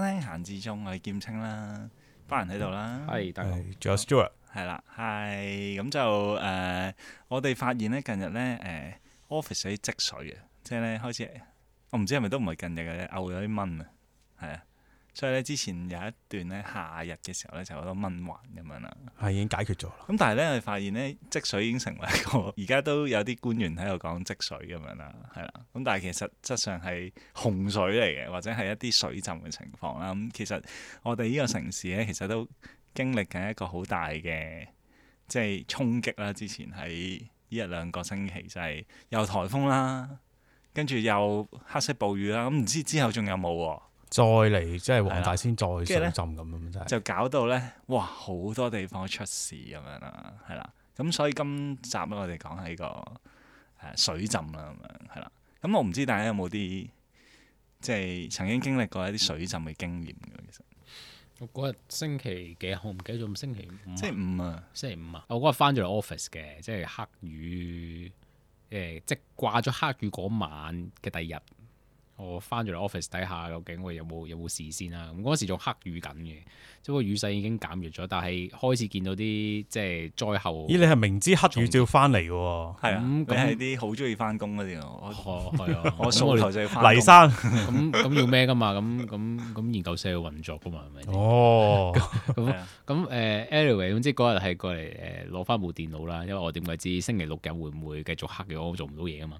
閒置中，我係劍青啦，嗯、班人喺度啦，係大雄，仲有 Stewart，係啦，係咁好就誒、呃，我哋發現咧近日咧誒、呃、office 有啲積水啊，即係咧開始，我唔知係咪都唔係近日嘅，漚有啲蚊啊，係啊。所以咧，之前有一段咧，夏日嘅時候咧，就好多蚊患咁樣啦。係已經解決咗啦。咁但係咧，我哋發現咧，積水已經成為一個，而家都有啲官員喺度講積水咁樣啦，係啦。咁但係其實質上係洪水嚟嘅，或者係一啲水浸嘅情況啦。咁、嗯、其實我哋呢個城市咧，其實都經歷緊一個好大嘅即係衝擊啦。之前喺呢一兩個星期就係有颱風啦，跟住又黑色暴雨啦。咁唔知之後仲有冇？再嚟即係黃大仙再水浸咁樣，真係就搞到咧，哇！好多地方出事咁樣啦，係啦。咁所以今集我哋講係個誒、呃、水浸啦，咁樣係啦。咁我唔知大家有冇啲即係曾經經歷過一啲水浸嘅經驗嘅。其實我嗰日星期幾？我唔記得咗，唔星期五。即係五啊、星期五啊！星期五啊！我嗰日返咗嚟 office 嘅，即係黑雨誒，即係掛咗黑雨嗰晚嘅第二日。我翻咗嚟 office 底下，究竟我有冇有冇事先啦？咁嗰時仲黑雨緊嘅，即係雨勢已經減弱咗，但係開始見到啲即係災後。咦？你係明知黑雨照翻嚟嘅？係咁你係啲好中意翻工嗰啲啊？係啊，我想求就要翻。黎生咁咁要咩噶嘛？咁咁咁研究社要運作噶嘛？係咪？哦，咁咁誒，anyway，總之嗰日係過嚟誒攞翻部電腦啦，因為我點解知星期六日會唔會繼續黑嘅？我做唔到嘢啊嘛。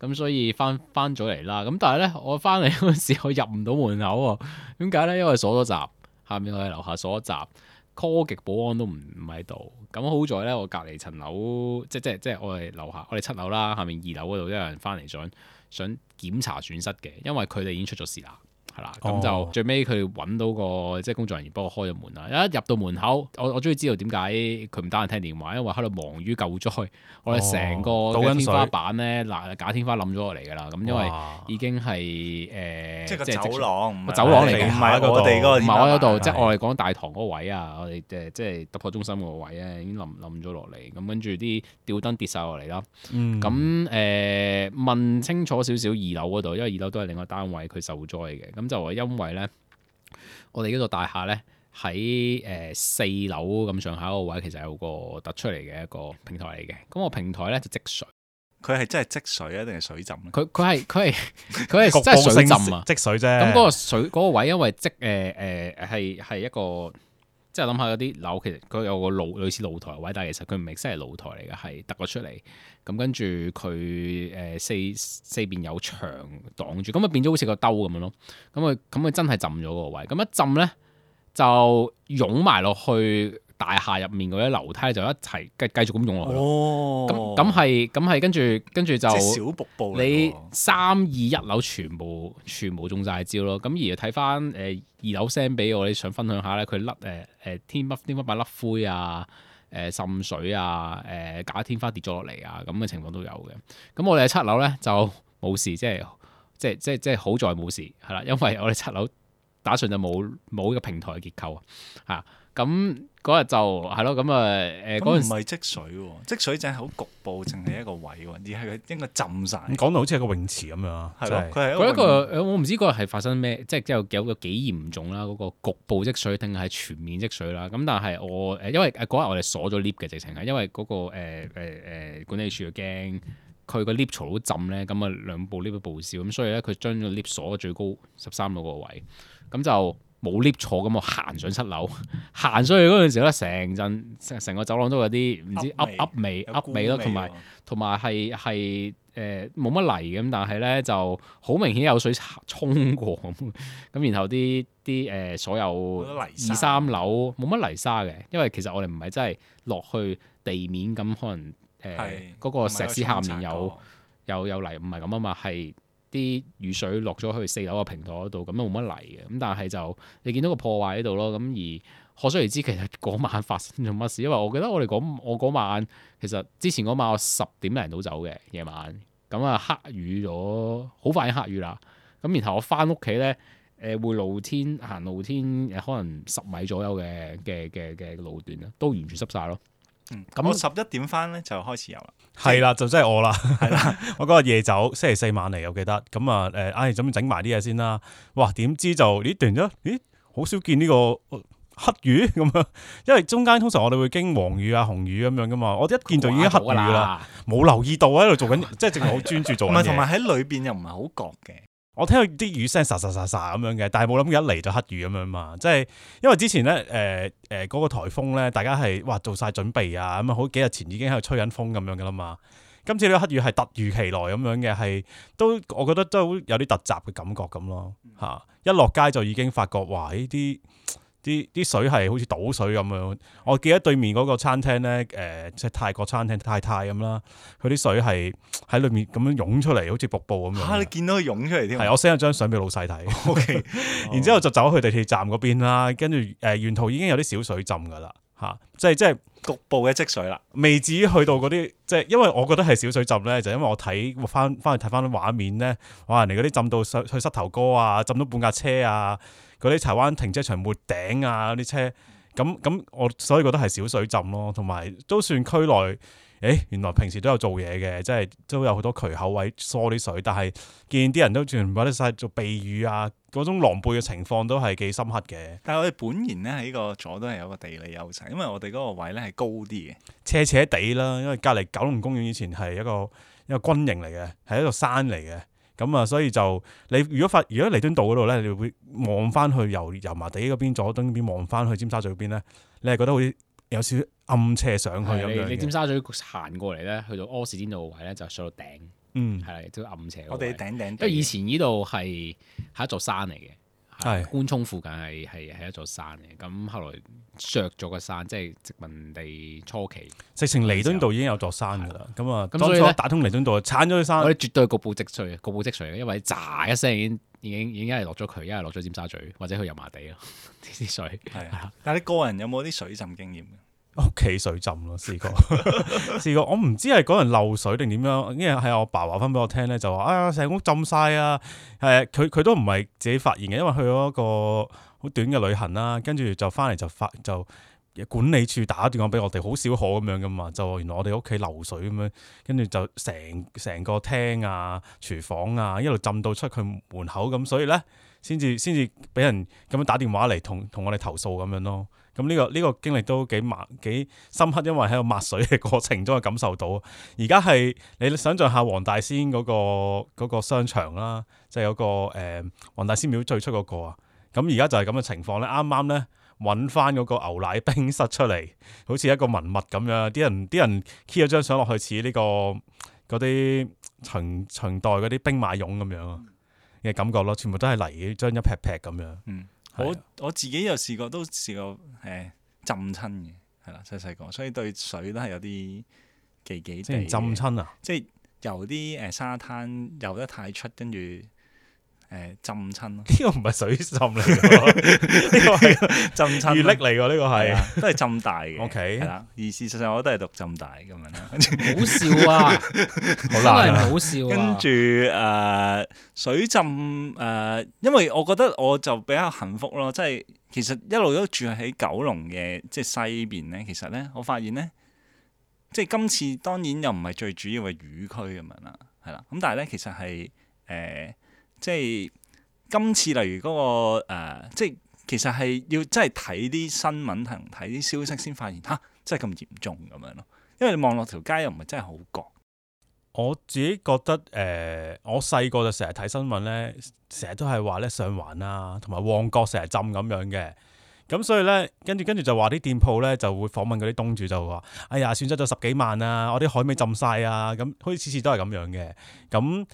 咁所以翻翻咗嚟啦，咁但係咧，我翻嚟嗰陣時我入唔到門口喎，啊，點解咧？因為鎖咗閘，下面我哋樓下鎖咗閘，叫極保安都唔唔喺度。咁好在咧，我隔離層樓，即即即係我哋樓下，我哋七樓啦，下面二樓嗰度都有人翻嚟想想檢查損失嘅，因為佢哋已經出咗事啦。係啦，咁就最尾佢揾到個即係工作人員幫我開咗門啦。一入到門口，我我終於知道點解佢唔打人聽電話，因為喺度忙於救災。我哋成個天花板呢，嗱假天花冧咗落嚟噶啦。咁因為已經係誒，即係走廊，走廊嚟嘅。唔係我哋嗰度，唔係我嗰度，即係我哋講大堂嗰個位啊。我哋即係突破中心嗰個位啊，已經冧咗落嚟。咁跟住啲吊燈跌晒落嚟啦。咁誒問清楚少少二樓嗰度，因為二樓都係另外單位佢受災嘅。咁就係因為咧，我哋呢座大廈咧喺誒四樓咁上下個位，其實有個突出嚟嘅一個平台嚟嘅。咁個平台咧就積水，佢係真係積水啊，定係水浸？佢佢係佢係佢係真係水浸啊，積水啫。咁嗰個水、嗰個位，因為積誒誒係係一個。即係諗下嗰啲樓，其實佢有個露類似露台位，但係其實佢唔係真係露台嚟嘅，係凸咗出嚟。咁跟住佢誒四四邊有牆擋住，咁啊變咗好似個兜咁樣咯。咁佢咁啊真係浸咗個位，咁一浸咧就湧埋落去。大廈入面嗰啲樓梯就一齊繼繼續咁用落去。哦，咁咁係，咁係，跟住跟住就，即係小瀑布。你三二一樓全部全部中晒招咯。咁而睇翻誒二樓 send 俾我，咧想分享下咧，佢甩誒誒天天，天、呃呃、天花板甩灰啊，誒滲水啊，誒假天花跌咗落嚟啊，咁嘅情況都有嘅。咁我哋喺七樓咧就冇事，即係即係即係即係好在冇事係啦，因為我哋七樓打算就冇冇呢個平台嘅結構啊，吓咁。嗰日就係咯，咁啊，誒，嗰陣唔係積水，積水淨係好局部，淨係一個位，而係佢應該浸晒。講到好似一個泳池咁樣，係咯吧。嗰，就是、一個，一個我唔知嗰日係發生咩，即係之後有個幾嚴重啦，嗰、那個局部積水定係全面積水啦。咁但係我誒，因為嗰日我哋鎖咗 lift 嘅直情係，因為嗰，那個誒誒誒，管理處驚佢個 lift 坐到浸咧，咁啊兩部 lift 都報銷，咁所以咧佢將咗 lift 鎖最高十三度個位，咁就。冇 lift 坐，咁我行上七樓，行上去嗰陣時咧，成陣成個走廊都有啲唔知噏噏味噏味咯，同埋同埋係係誒冇乜泥咁，但係咧就好明顯有水沖過咁，然後啲啲誒所有二三樓冇乜泥沙嘅，啊，因為其實我哋唔係真係落去地面咁，可能誒嗰個石屎下面有有有，有，有，有泥，唔係咁啊嘛，係。啲雨水落咗去四樓嘅平台嗰度，咁都冇乜泥嘅。咁但係就你見到個破壞喺度咯。咁而可想而知，其實嗰晚發生咗乜事，因為我記得我哋嗰晚其實之前嗰晚我十點零到走嘅夜晚，咁啊黑雨咗好快已經黑雨啦。咁然後我翻屋企呢，誒、呃、會露天行露天，可能十米左右嘅嘅嘅嘅路段都完全濕晒咯。咁、嗯、我十一點返咧就開始有啦，係啦是就真係 我啦，係啦我嗰日夜酒，星期四晚嚟我記得，咁啊誒，唉準備整埋啲嘢先啦，哇點知就咦斷咗，咦好少見呢、呢個、呃、黑雨咁啊，因為中間通常我哋會經黃雨啊紅雨咁樣㗎嘛，我一見就已經黑雨啦，冇留意到喺度做緊，即係淨係好專注做。唔係同埋喺裏邊又唔係好覺嘅。我聽到啲雨聲沙沙沙沙咁樣嘅，但係冇諗到一嚟就黑雨咁樣嘛，即係因為之前咧誒誒嗰個颱風咧，大家係哇做晒準備啊，咁啊好幾日前已經喺度吹緊風咁樣嘅啦嘛，今次呢個黑雨係突如其來咁樣嘅，係都我覺得都好有啲突襲嘅感覺咁咯，嚇一落街就已經發覺哇呢啲～啲啲水係好似倒水咁樣，我記得對面嗰個餐廳咧，誒即係泰國餐廳太太咁啦，佢啲水係喺裏面咁樣湧出嚟，好似瀑布咁樣。嚇！你見到佢湧出嚟添？係，我 send 咗張相俾老細睇。O Okay . K， 然之後就走去地鐵站嗰邊啦，跟住誒沿途已經有啲小水浸噶啦，嚇！即係即係局部嘅積水啦，未至於去到嗰啲即係，因為我覺得係小水浸咧，就是、因為我睇翻翻去睇翻啲畫面咧，哇！人哋嗰啲浸到去膝頭哥啊，浸到半架車啊！嗰啲柴灣停車場沒頂啊！啲車咁咁，我所以覺得係小水浸咯，同埋都算區內。誒、哎，原來平時都有做嘢嘅，即係都有好多渠口位疏啲水，但係見啲人都全部甩曬做避雨啊！嗰種狼狽嘅情況都係幾深刻嘅。但係我哋本然咧喺個左都係有個地理優勢，因為我哋嗰個位咧係高啲嘅，斜斜地啦，因為隔離九龍公園以前係一個一個軍營嚟嘅，係一座山嚟嘅。咁啊、嗯，所以就你如果發如果彌敦道嗰度咧，你會望翻去由油麻地嗰邊佐敦邊，望翻去尖沙咀嗰邊咧，你係覺得好似有少少暗斜上去咁樣你，你尖沙咀行過嚟咧，去到柯士甸道位咧，就上到頂。嗯，係都暗斜。我哋頂頂，頂頂。因為以前呢度係係一座山嚟嘅。係官涌附近係係係一座山嘅，咁後來削咗個山，即係殖民地初期，直情彌敦道已經有座山噶啦，咁啊的，麼當初打通彌敦道鏟咗啲山，我哋絕對局部積水，局部積水嘅，因為喳一聲已經已經已經係落咗渠，一係落咗尖沙咀或者去油麻地咯啲 水，係啊的， 但係你個人有冇啲水浸經驗？屋企水浸咯，試過試 過，我唔知係嗰人漏水定點樣？因為係我爸話翻俾我聽咧，就話啊成屋浸晒啊，誒佢佢都唔係自己發現嘅，因為去咗一個好短嘅旅行啦，跟住就翻嚟就發就管理處打電話俾我哋，好少可咁樣噶嘛，就原來我哋屋企漏水咁樣，跟住就成成個廳啊廚房啊一路浸到出佢門口咁，所以咧先至先至俾人咁樣打電話嚟同同我哋投訴咁樣咯。咁呢、嗯這個呢、這個經歷都幾抹幾深刻，因為喺度抹水嘅過程中感受到。而家係你想象下黃大仙嗰、那個那個商場啦，即係嗰個誒黃、呃、大仙廟最出嗰個啊。咁而家就係咁嘅情況咧，啱啱咧揾返嗰個牛奶冰室出嚟，好似一個文物咁樣。啲人啲人 key 咗張相落去，似呢、這個嗰啲秦秦代嗰啲兵馬俑咁樣嘅感覺咯。全部都係泥，將一劈劈咁樣。嗯我我自己又試過，都試過誒、欸、浸親嘅，係啦，細細個，所以對水都係有啲忌忌，即係浸親啊！即係游啲誒沙灘游得太出，跟住。誒，浸親咯，呢個唔係水浸嚟㗎，呢 個係浸親雨嚟嘅呢個係， 都係浸大嘅。O K，係啦，而事實上我都係讀浸大咁樣啦， 好笑啊， 真係好笑、啊。跟住誒，水浸誒、呃，因為我覺得我就比較幸福咯，即係其實一路都住喺九龍嘅即係西邊咧，其實咧我發現咧，即係今次當然又唔係最主要嘅雨區咁樣啦，係啦，咁但係咧其實係誒。呃即係今次，例如嗰個誒，即係其實係要真係睇啲新聞同睇啲消息先發現，吓，真係咁嚴重咁樣咯。因為你望落條街又唔係真係好乾。我自己覺得誒，我細個就成日睇新聞咧，成日都係話咧上環啊，同埋旺角成日浸咁樣嘅。咁所以咧，跟住跟住就話啲店鋪咧就會訪問嗰啲東主，就話：哎呀，損失咗十幾萬啊！我啲海味浸晒啊！咁好似次次都係咁樣嘅。咁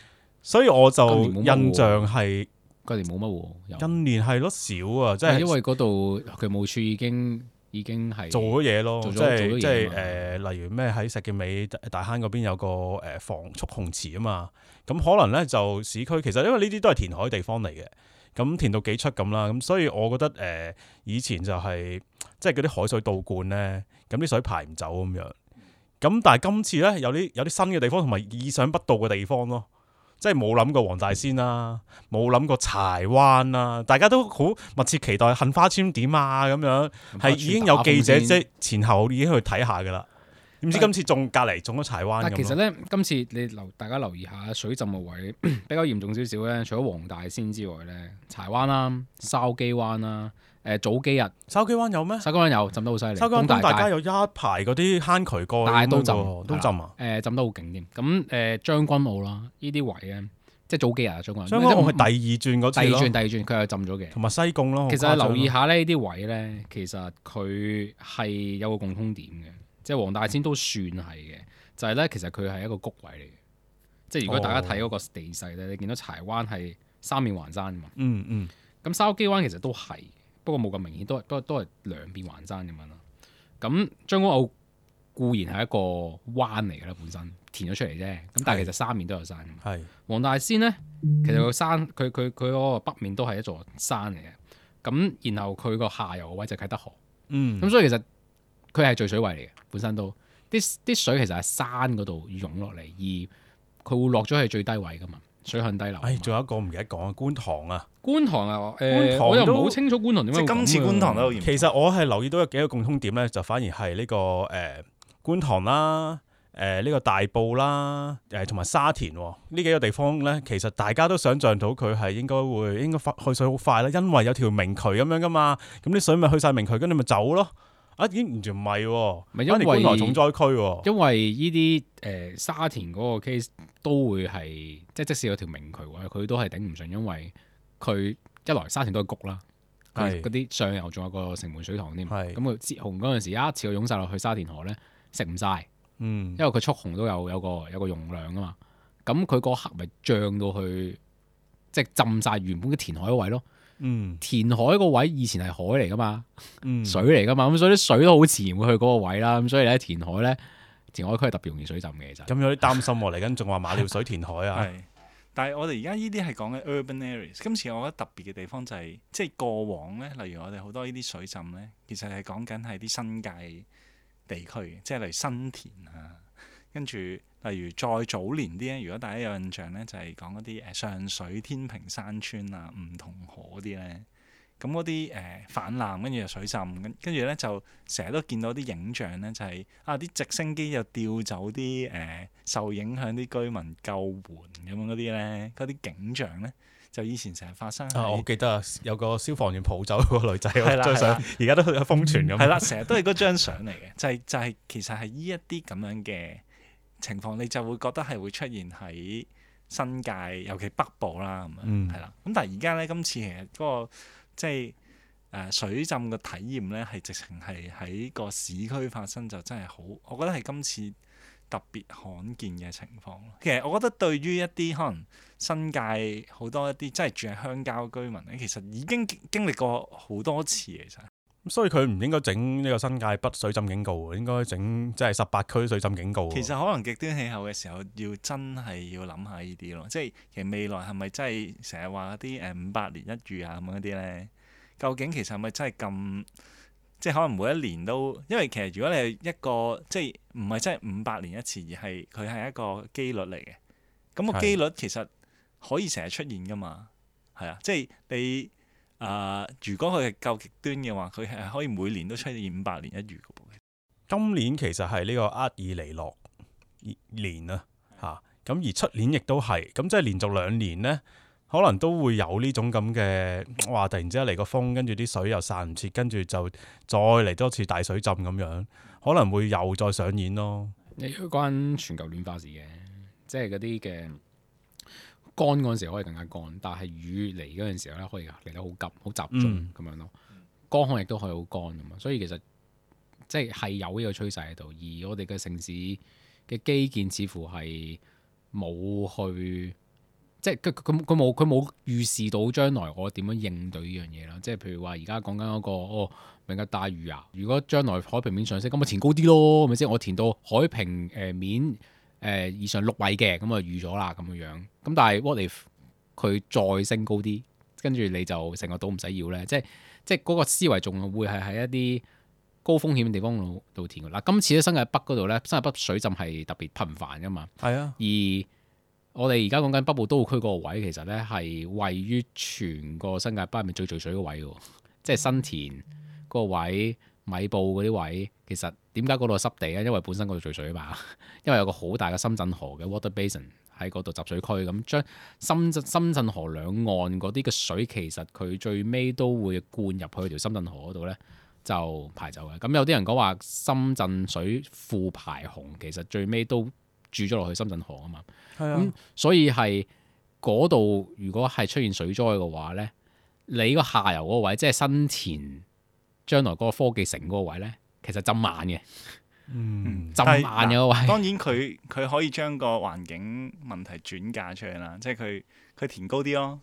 所以我就印象係今年冇乜喎，近年係咯少啊，即係因為嗰度渠務署已經已經係做咗嘢咯，即係即係誒，例如咩喺石硤尾大坑嗰邊有個誒防蓄洪池啊嘛，咁可能咧就市區其實因為呢啲都係填海地方嚟嘅，咁填到幾出咁啦，咁所以我覺得誒、呃、以前就係、是、即係嗰啲海水倒灌咧，咁啲水排唔走咁樣，咁但係今次咧有啲有啲新嘅地方同埋意想不到嘅地方咯。即係冇諗過黃大仙啦、啊，冇諗過柴灣啦、啊，大家都好密切期待、啊杏花村點啊咁樣，係已經有記者即前後已經去睇下㗎喇，點但知今次中隔籬中咗柴灣其實呢，樣今次你留大家留意下水浸嘅位比較嚴重少少呢，除咗黃大仙之外呢，柴灣啦、啊、筲箕灣啦。誒早幾日，筲箕灣有咩？筲箕灣有浸得好犀利，東大街有一排嗰啲坑渠幹都浸，都浸啊！誒浸得好勁添。咁誒將軍澳啦，呢啲位咧，即係早幾日將軍。將軍澳係第二轉嗰次，第二轉，第二轉佢係浸咗嘅。同埋西貢咯，其實留意下呢啲位咧，其實佢係有個共通點嘅，即係黃大仙都算係嘅，就係咧其實佢係一個谷位嚟嘅，即係如果大家睇嗰個地勢咧，你見到柴灣係三面環山㗎嘛。咁筲箕灣其實都係。不過冇咁明顯，都係都都係兩邊環山咁樣咯。咁將軍澳固然係一個彎嚟嘅啦，本身填咗出嚟啫。咁但係其實三面都有山。係黃的大仙咧，其實個山佢佢佢嗰個北面都係一座山嚟嘅。咁然後佢個下游嘅位就係啟德河。嗯，咁所以其實佢係聚水位嚟嘅，本身都啲啲水其實喺山嗰度湧落嚟，而佢會落咗去最低位噶嘛。水痕低流。唉、哎，仲有一個唔記得講啊，觀塘啊。觀塘啊，誒、呃，觀塘 我又唔好清楚觀塘點解。即今次觀塘都嚴。其實我係留意到有幾個共通點咧，就反而係呢、這個誒、呃、觀塘啦、啊，誒、呃、呢、這個大埔啦、啊，誒同埋沙田呢、啊、幾個地方咧，其實大家都想上到想像到佢係應該會應該去水好快啦，因為有條明渠咁樣噶嘛，咁啲水咪去晒明渠，咁你咪走咯。啊，已經完全唔係喎，因為觀塘重災區、哦、因為依啲誒沙田嗰個 case 都會係，即即使有條明渠，佢都係頂唔順，因為佢一來沙田都係谷啦，嗰啲是上游仲有個城門水塘添，咁佢截洪嗰陣時，啊，全部湧曬落去沙田河咧，食唔晒，嗯、因為佢蓄洪都有有個有個容量噶嘛，咁佢嗰刻咪漲到去，即浸晒原本嘅填海位咯。嗯，填海個位以前係海嚟噶嘛，嗯、水嚟噶嘛，咁所以啲水都好自然會去嗰個位啦。咁所以咧，填海咧，填海區係特別容易水浸嘅，就咁有啲擔心。嚟緊仲話馬料水填海啊。係、啊，但係我哋而家呢啲係講緊 urban areas。今次我覺得特別嘅地方就係、是，即、就、係、是、過往咧，例如我哋好多呢啲水浸咧，其實係講緊係啲新界地區，即係例如新田啊。跟住，例如再早年啲咧，如果大家有印象咧，就係、是、講嗰啲誒上水天平山村啊、梧桐河啲咧，咁嗰啲誒泛濫，跟住又水浸，跟住咧就成日都見到啲影像咧、就是，就係啊啲直升機又調走啲誒、呃、受影響啲居民救援咁樣嗰啲咧，嗰啲景象咧，就以前成日發生，啊。我記得啊，有個消防員抱走個女仔嗰張相，而家都封存咁。係啦，成日都係嗰張相嚟嘅，就係、是、就係、是、其實係依一啲咁樣嘅。情況你就會覺得係會出現喺新界，尤其北部啦，咁樣係啦。咁但係而家呢，今次其實嗰個即係、呃、水浸嘅體驗呢，係直情係喺個市區發生，就真係好。我覺得係今次特別罕見嘅情況。其實我覺得對於一啲可能新界好多一啲即係住喺鄉郊居民咧，其實已經經歷過好多次其實。所以佢唔應該整呢個新界北水浸警告，應該整即係十八區水浸警告。其實可能極端氣候嘅時候，要真係要諗下呢啲咯。即係其實未來係咪真係成日話啲誒五百年一遇啊咁嗰啲呢，究竟其實係咪真係咁？即係可能每一年都，因為其實如果你係一個即係唔係真係五百年一次，而係佢係一個機率嚟嘅。咁個機率其實可以成日出現噶嘛？係啊係啊，即係你。啊！Uh, 如果佢係夠極端嘅話，佢係可以每年都出現五百年一遇嘅。今年其實係呢個厄爾尼諾年啊，嚇、啊！咁而出年亦都係，咁、啊、即係連續兩年呢，可能都會有呢種咁嘅，哇！突然之間嚟個風，跟住啲水又散唔切，跟住就再嚟多次大水浸咁樣，可能會又再上演咯。你關全球暖化事嘅，即係嗰啲嘅。乾嗰陣時可以更加乾，但係雨嚟嗰陣時候咧可以嚟得好急、好集中咁、嗯、樣咯。乾旱亦都可以好乾咁啊，所以其實即係、就是、有呢個趨勢喺度。而我哋嘅城市嘅基建似乎係冇去，即係佢佢冇佢冇預視到將來我點樣應對呢樣嘢咯。即、就、係、是、譬如話而家講緊嗰個哦，明日大嶼啊！如果將來海平面上升，咁咪填高啲咯，咪先？我填到海平誒面。誒以上六位嘅，咁啊，預咗啦，咁樣樣咁。但係 what if 佢再升高啲，跟住你就成個島唔使要咧？即係即係嗰個思維仲會係喺一啲高風險地方度填嗱。今次咧，新界北嗰度咧，新界北水浸係特別頻繁噶嘛？係啊。而我哋而家講緊北部都會區嗰個位，其實咧係位於全個新界北入面最聚水嗰位嘅，即係新田嗰個位。米埔嗰啲位，其實點解嗰度濕地咧？因為本身嗰度聚水啊嘛， 因為有個好大嘅深圳河嘅 water basin 喺嗰度集水區，咁將深圳深圳河兩岸嗰啲嘅水，其實佢最尾都會灌入去條深圳河嗰度咧，就排走嘅。咁有啲人講話深圳水庫排洪，其實最尾都注咗落去深圳河啊嘛。係啊，咁、嗯、所以係嗰度如果係出現水災嘅話咧，你個下游嗰位即係新田。將來嗰個科技城嗰個位咧，其實浸晚嘅，嗯，浸晚嘅位、啊。當然佢佢可以將個環境問題轉嫁出嚟啦，即係佢佢填高啲咯，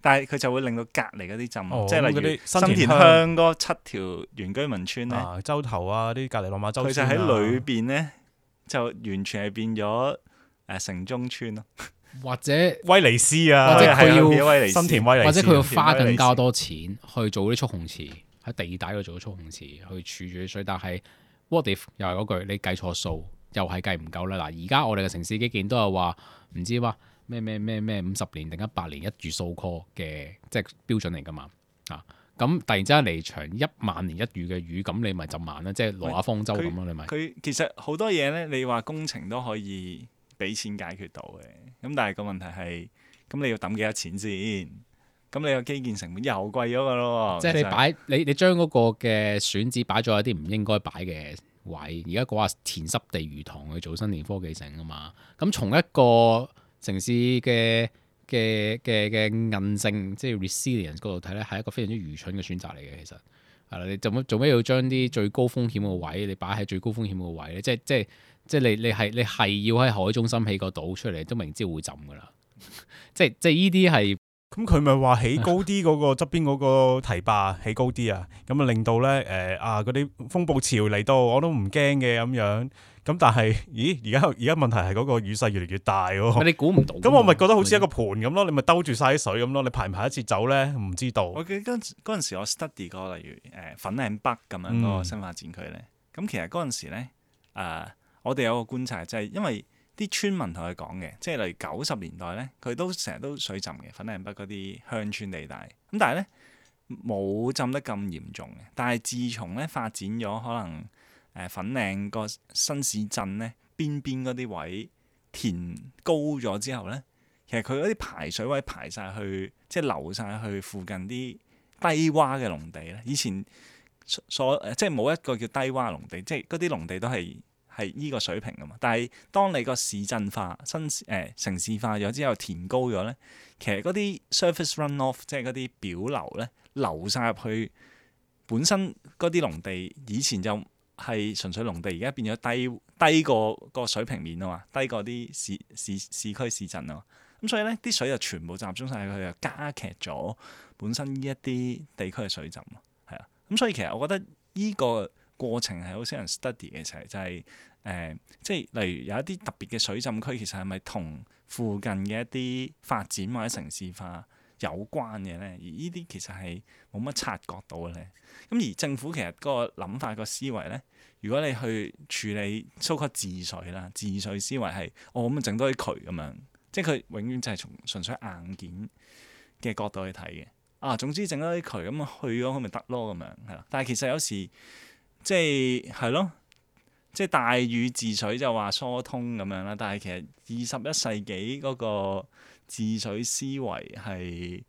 但係佢就會令到隔離嗰啲浸，哦、即係例如新田鄉嗰七條原居民村啊、洲頭啊啲隔離落馬洲，其實喺裏邊咧就完全係變咗誒城中村咯，或者 威尼斯啊，或者佢要新田威尼，或者佢要花更加多錢去做啲蓄洪池。喺地帶度做咗蓄洪池去儲住啲水，但係 what if 又係嗰句，你計錯數又係計唔夠啦。嗱，而家我哋嘅城市基建都係話唔知話咩咩咩咩五十年定一百年一遇 so-call 嘅即係標準嚟㗎嘛啊！咁突然之間離場一萬年一遇嘅雨，咁你咪就慢咧，即係挪亞方舟咁咯喂，你咪。佢其實好多嘢咧，你話工程都可以俾錢解決到嘅，咁但係個問題係，咁你要抌幾多錢先？咁你個基建成本又貴咗個咯，即係你擺實你你將嗰個嘅選址擺咗喺啲唔應該擺嘅位。而家講話填濕地魚塘去做新田科技城啊嘛。咁從一個城市嘅嘅嘅嘅韌性，即係 resilience 嗰度睇咧，係一個非常之愚蠢嘅選擇嚟嘅。其實係啦，你做咩做咩要將啲最高風險嘅位，你擺喺最高風險嘅位咧？即即即你你係你係要喺海中心起個島出嚟，都明知會浸噶啦、嗯。 即即呢啲係。咁佢咪話起高啲嗰個側邊嗰個堤壩，啊、起高啲啊，咁啊令到咧誒、呃、啊嗰啲風暴潮嚟，到我都唔驚嘅咁樣，咁但係咦而家而家問題係嗰個雨勢越嚟越大喎，啊。咪你估唔到？咁我咪覺得好似一個盆咁咯，的你咪兜住晒啲水咁咯，你排唔排一次走咧唔知道。我記得嗰陣時我 study 過，例如誒粉嶺北咁樣嗰個新發展區咧，咁、嗯、其實嗰陣時咧誒、呃、我哋有個觀察就係因為。啲村民同佢講嘅，即係例如九十年代呢，佢都成日都水浸嘅粉嶺北嗰啲鄉村地帶，咁但係呢，冇浸得咁嚴重嘅。但係自從呢發展咗，可能誒、呃、粉嶺個新市鎮呢，邊邊嗰啲位填高咗之後呢，其實佢嗰啲排水位排晒去，即係流晒去附近啲低窪嘅農地咧。以前所即係冇一個叫低窪農地，即係嗰啲農地都係。係呢個水平㗎嘛？但係當你個市鎮化、新誒、呃、城市化咗之後，填高咗咧，其實嗰啲 surface runoff 即係嗰啲表流咧，流晒入去，本身嗰啲農地以前就係純粹農地，而家變咗低低過個水平面啊嘛，低過啲市市市區市鎮啊，嘛。咁所以咧啲水就全部集中曬去，就加劇咗本身呢一啲地區嘅水浸啊，係啊，咁所以其實我覺得呢、呢個。過程係好少人 study 嘅，時候，就係、是、誒、呃，即係例如有一啲特別嘅水浸區，其實係咪同附近嘅一啲發展或者城市化有關嘅呢？而呢啲其實係冇乜察覺到嘅咧。咁而政府其實嗰個諗法個思維呢，如果你去處理疏忽治水啦，治水思維係哦咁整多啲渠咁樣，即係佢永遠就係從純粹硬件嘅角度去睇嘅。啊，總之整多啲渠咁去咗佢咪得咯咁樣係啦。但係其實有時。即係係咯，即係大禹治水就話疏通咁樣啦。但係其實二十一世紀嗰個治水思維係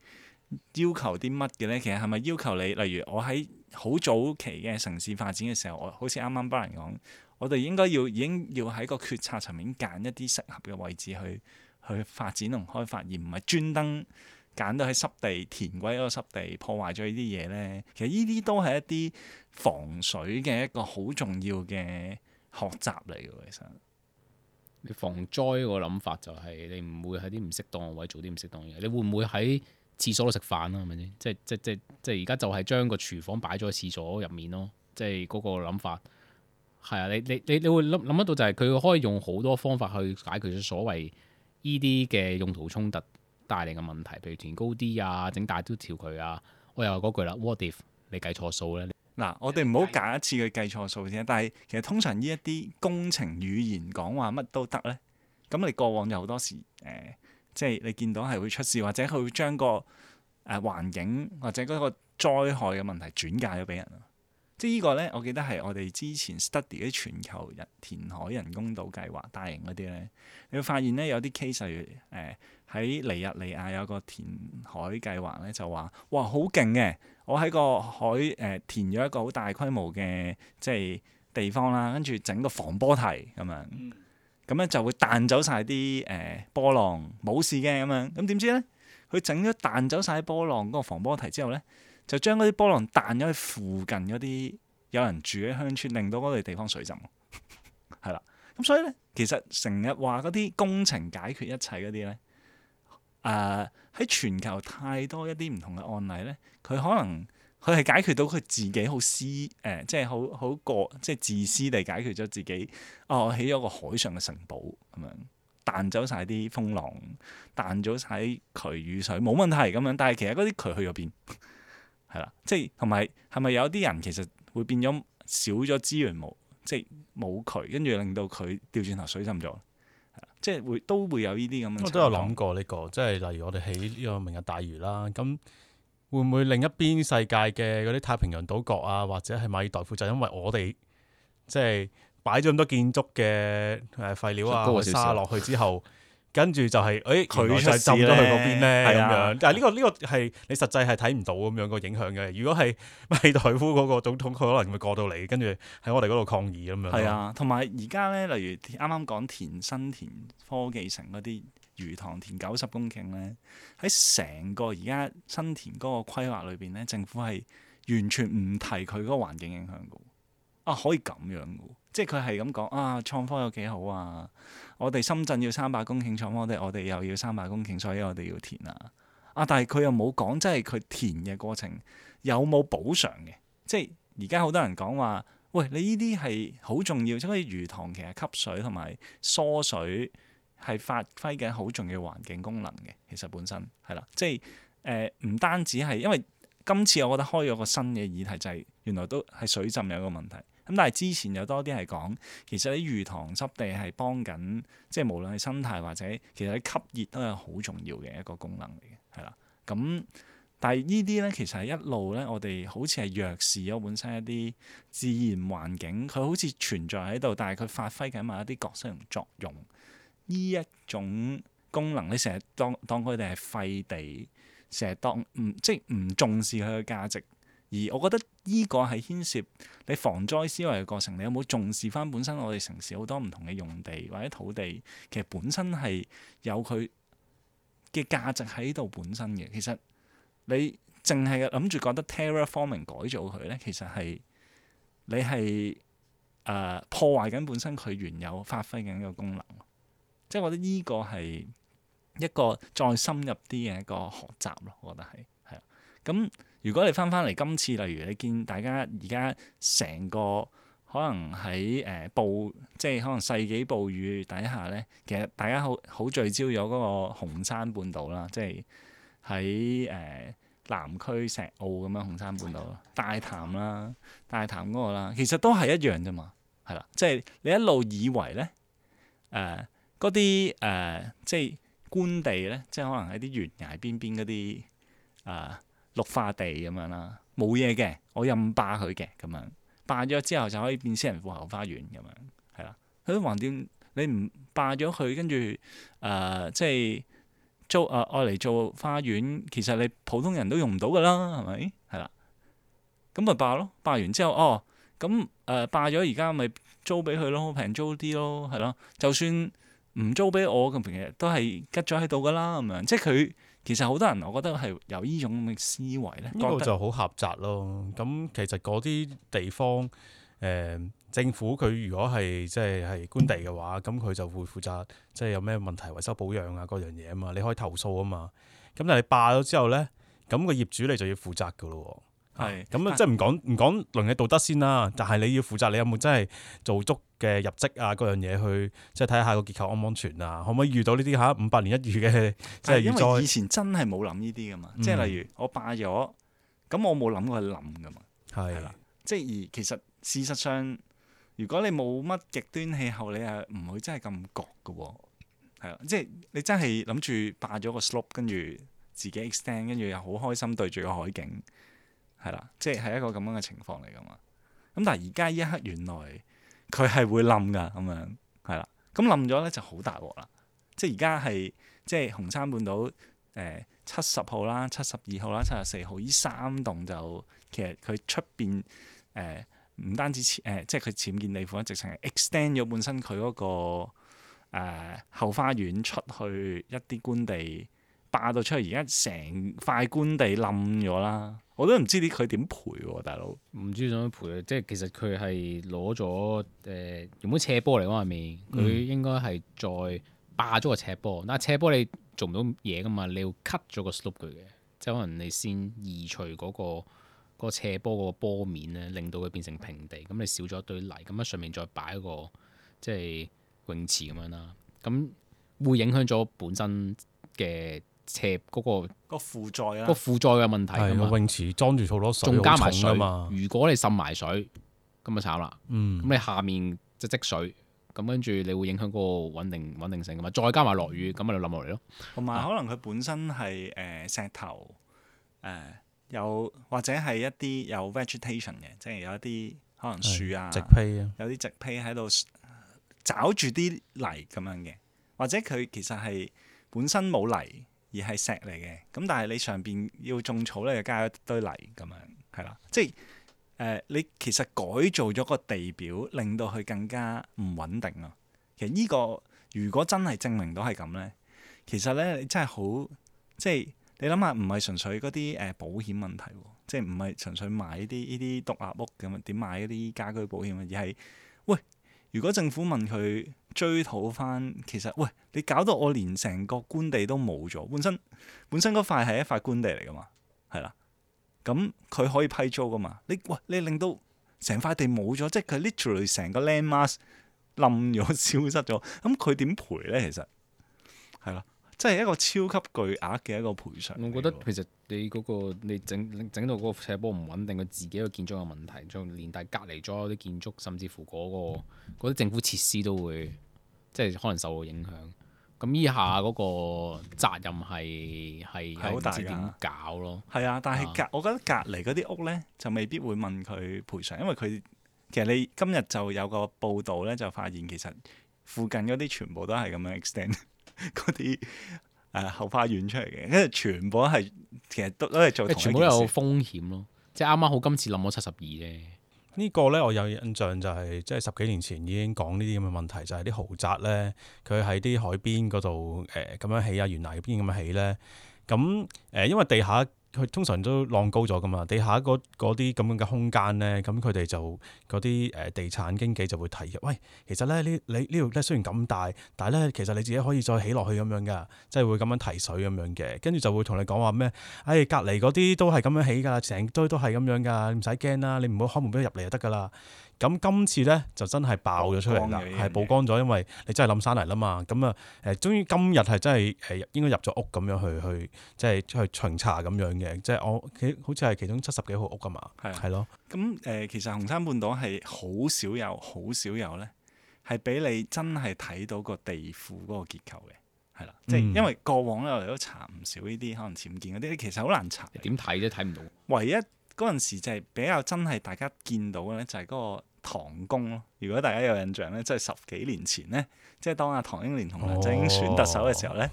要求啲乜嘅呢？其實係咪要求你，例如我喺好早期嘅城市發展嘅時候，我好似啱啱 Brian 講，我哋應該要已經要喺個決策層面揀一啲適合嘅位置去去發展同開發，而唔係專登。揀到喺濕地填歸嗰個濕地，破壞咗呢啲嘢咧。其實呢啲都係一啲防水嘅一個好重要嘅學習嚟㗎。其實你防災個諗法就係你唔會喺啲唔適當嘅位做啲唔適當嘅嘢。你會唔會喺廁所度食飯啊？係咪先？即係即即即而家就係將個廚房擺咗喺廁所入面咯。即係嗰個諗法係啊。你你你你會諗諗得到就係佢可以用好多方法去解決咗所謂呢啲嘅用途衝突。帶嚟嘅問題，譬如填高啲啊，整大都調佢啊。我又嗰句啦，what if 你計錯數咧？嗱，我哋唔好揀一次佢計錯數先。但係其實通常呢一啲工程語言講話乜都得咧，咁你過往有好多時誒，即係你見到係會出事，或者佢會將個誒環境或者嗰個災害嘅問題轉嫁咗俾人。即係呢個咧，我記得係我哋之前 study 啲全球人填海人工島計劃大型嗰啲咧，你會發現咧有啲 case 誒。呃喺尼日利亞有個填海計劃咧，就話哇好勁嘅！我喺個海誒、呃、填咗一個好大規模嘅即係地方啦，跟住整個防波堤咁樣，咁咧就會彈走晒啲誒波浪，冇事嘅咁樣。咁點知咧，佢整咗彈走晒波浪嗰個防波堤之後咧，就將嗰啲波浪彈咗去附近嗰啲有人住嘅鄉村，令到嗰度地方水浸，係 啦。咁所以咧，其實成日話嗰啲工程解決一切嗰啲咧。誒喺、呃、全球太多一啲唔同嘅案例咧，佢可能佢係解決到佢自己好私誒、呃，即係好好過即係自私地解決咗自己。哦，起咗個海上嘅城堡咁樣，彈走晒啲風浪，彈走晒渠雨水，冇問題咁樣。但係其實嗰啲渠去咗邊？係 啦，即係同埋係咪有啲人其實會變咗少咗資源冇，即係冇渠，跟住令到佢調轉頭水浸咗？即係會都會有呢啲咁嘅情況，我都有諗過呢、呢個，即係例如我哋起呢個明日大嶼啦，咁會唔會另一邊世界嘅嗰啲太平洋島國啊，或者係馬爾代夫，就、因為我哋即係擺咗咁多建築嘅誒廢料啊、點點沙落去之後？ 跟住就係、是，誒佢就浸咗去嗰邊咧，係是啊但，這個，但係呢個呢個係你實際係睇唔到咁樣個影響嘅。如果係米代夫嗰個總統，佢可能會過到嚟，跟住喺我哋嗰度抗議咁樣。係啊，同埋而家咧，例如啱啱講填新田科技城嗰啲魚塘填九十公頃咧，喺成個而家新田嗰個規劃裏邊咧，政府係完全唔提佢嗰個環境影響嘅。啊，可以咁樣嘅，即係佢係咁講啊，創科有幾好啊！我哋深圳要三百公頃廠房，但我哋又要三百公頃，所以我哋要填啊！啊，但係佢又冇講，即係佢填嘅過程有冇補償嘅？即係而家好多人講話，喂，你呢啲係好重要，即係魚塘其實吸水同埋疏水係發揮緊好重要環境功能嘅。其實本身係啦，即係誒，唔單止係，因為今次我覺得開咗個新嘅議題就係原來都係水浸有個問題。咁但係之前有多啲係講，其實啲魚塘濕地係幫緊，即係無論係生態或者其實啲吸熱都係好重要嘅一個功能嚟嘅，係啦。咁但係呢啲咧，其實係一路咧，我哋好似係弱視咗本身一啲自然環境，佢好似存在喺度，但係佢發揮緊某一啲角色同作用。呢一種功能你，你成日當當佢哋係廢地，成日當唔即係唔重視佢嘅價值。而我覺得呢個係牽涉你防災思維嘅過程，你有冇重視翻本身我哋城市好多唔同嘅用地或者土地，其實本身係有佢嘅價值喺度本身嘅。其實你淨係諗住覺得 terraforming 改造佢呢，其實係你係誒破壞緊本身佢原有發揮緊嘅功能。即係我覺得呢個係一個再深入啲嘅一個學習咯，我覺得係係咁。如果你翻返嚟今次，例如你見大家而家成個可能喺誒、呃、暴，即係可能世紀暴雨底下咧，其實大家好好聚焦咗嗰個紅山半島啦，即係喺誒南區石澳咁樣紅山半島的大潭啦，大潭嗰、那個啦，其實都係一樣啫嘛，係啦，即、就、係、是、你一路以為咧誒嗰啲誒，即係官地咧，即係可能喺啲懸崖邊邊嗰啲啊。呃綠化地咁樣啦，冇嘢嘅，我任霸佢嘅咁樣，霸咗之後就可以變私人富豪花園咁樣，係啦。佢橫掂你唔霸咗佢，跟住誒即係租誒愛嚟做花園，其實你普通人都用唔到噶啦，係咪？係啦，咁咪霸咯，霸完之後哦，咁、嗯、誒、呃、霸咗而家咪租俾佢咯，平租啲咯，係咯。就算唔租俾我咁平日都係吉咗喺度噶啦，咁樣即係佢。其實好多人，我覺得係有呢種咁嘅思維咧。呢個就好狹窄咯。咁其實嗰啲地方，誒，政府佢如果係即係係官地嘅話，咁佢就會負責，即係有咩問題維修保養啊，嗰樣嘢啊嘛，你可以投訴啊嘛。咁但係你霸咗之後咧，咁個業主你就要負責噶咯。係，咁啊，即係唔講唔講倫理道德先啦，但係你要負責，你有冇真係做足？嘅入職啊，嗰樣嘢去即係睇下個結構安唔安全啊，可唔可以遇到呢啲嚇五百年一遇嘅？即係因為以前真係冇諗呢啲噶嘛，嗯、即係例如我霸咗，咁我冇諗過去諗噶嘛，係啦的，即係而其實事實上，如果你冇乜極端氣候，你係唔會真係咁覺噶喎、哦，係啊，即係你真係諗住霸咗個 slope，跟住自己 extend，跟住又好開心對住個海景，係啦，即係係一個咁樣嘅情況嚟噶嘛。咁但係而家呢一刻原來。佢係會冧噶，咁樣係啦。咁冧咗咧就好大鑊啦。即係而家係即係紅山半島誒七十號啦、七十二號啦、七十四號依三棟就其實佢出邊誒唔單止誒、呃、即係佢僭建地庫啦，直情係 extend 咗本身佢嗰、那個誒、呃、後花園出去一啲官地霸到出去，而家成塊官地冧咗啦。我都唔知啲佢點賠喎，大佬。唔知點樣賠。即係其實佢係攞咗誒，有、呃、冇斜坡嚟嗰下面？佢、嗯、應該係再霸咗個斜坡。嗱，斜坡你做唔到嘢噶嘛？你要 cut 咗個 slope 佢嘅，即係可能你先移除嗰、嗰個斜坡嗰個波面咧，令到佢變成平地。咁你少咗堆泥，咁啊上面再擺一個即係泳池咁樣啦。咁會影響咗本身嘅。斜嗰個個負載啊，個負載嘅問題。係對泳池裝住好多水，仲加埋水嘛。如果你滲埋水，咁咪慘啦。嗯，咁你下面即係積水，咁跟住你會影響嗰個穩定穩定性噶嘛。再加埋落雨，咁咪冧落嚟咯。同埋可能佢本身係誒石頭，誒、呃、有或者係一啲有 vegetation 嘅，即係有一啲可能樹啊，嗯、植被、啊，有啲植被喺度找住啲泥咁樣嘅，或者佢其實係本身冇泥。而係石嚟嘅，咁但係你上邊要種草咧，就加一堆泥咁樣，係啦，即係誒、呃、你其實改造咗個地表，令到佢更加唔穩定啊、這個。其實呢個如果真係證明到係咁咧，其實咧你真係好，即係你諗下，唔係純粹嗰啲誒保險問題，即係唔係純粹買啲依啲獨立屋咁樣點買呢啲家居保險啊？而係喂。如果政府問佢追討返，其實喂，你搞到我連成個官地都冇咗，本身本身嗰塊係一塊官地嚟㗎嘛，係啦，咁佢可以批租㗎嘛。你喂，你令到成塊地冇咗，即係佢 literally 成個 land mass 冧咗、消失咗，咁佢點賠咧？其實係啦。即係一個超級巨額嘅一個賠償。我覺得其實你嗰、嗰個你整整到嗰個斜坡唔穩定，佢自己一個建築嘅問題，再連帶隔離咗啲建築，甚至乎嗰、嗰個啲政府設施都會即係可能受到影響。咁依下嗰個責任係係好大點搞咯？係、嗯、啊，但係隔我覺得隔離嗰啲屋呢，就未必會問佢賠償，因為佢其實你今日就有個報道呢，就發現其實附近嗰啲全部都係咁樣 extend。嗰啲誒後花園出嚟嘅，跟住全部都係其實都都係做，全部都有風險咯，即係啱啱好今次冧咗七十二啫。個，呢個咧我有印象就係、是、即係十幾年前已經講呢啲咁嘅問題，就係、是、啲豪宅咧，佢喺啲海邊嗰度誒咁樣起啊，懸崖入邊咁樣起咧，咁、嗯、誒、呃、因為地下。佢通常都浪高咗噶嘛，地下嗰啲咁樣嘅空間咧，咁佢哋就嗰啲誒地產經紀就會提，喂，其實咧呢你呢度咧雖然咁大，但係咧其實你自己可以再起落去咁樣噶，即係會咁樣提水咁樣嘅，跟住就會同你講話咩？誒、哎，隔離嗰啲都係咁樣起㗎，成堆都係咁樣㗎，你唔使驚啦，你唔好開門俾佢入嚟就得㗎啦。咁今次咧就真係爆咗出嚟啦，係曝光咗，光因為你真係冧山嚟啦嘛。咁啊的，誒終於今日係真係誒應該入咗屋咁樣去去，即係去巡查咁樣嘅。即係我好似係其中七十幾號屋噶嘛，係咯。咁誒、呃、其實紅山半島係好少有，好少有咧，係俾你真係睇到個地庫嗰個結構嘅，係啦。即係、嗯、因為過往咧，我哋都查唔少呢啲可能僭建嗰啲，其實好難查。點睇啫？睇唔到。唯一。嗰陣時就係比較真係大家見到嘅咧，就係嗰個唐宮咯。如果大家有印象咧，即係十幾年前咧，即係當阿唐英年同梁振英選特首嘅時候咧，哦，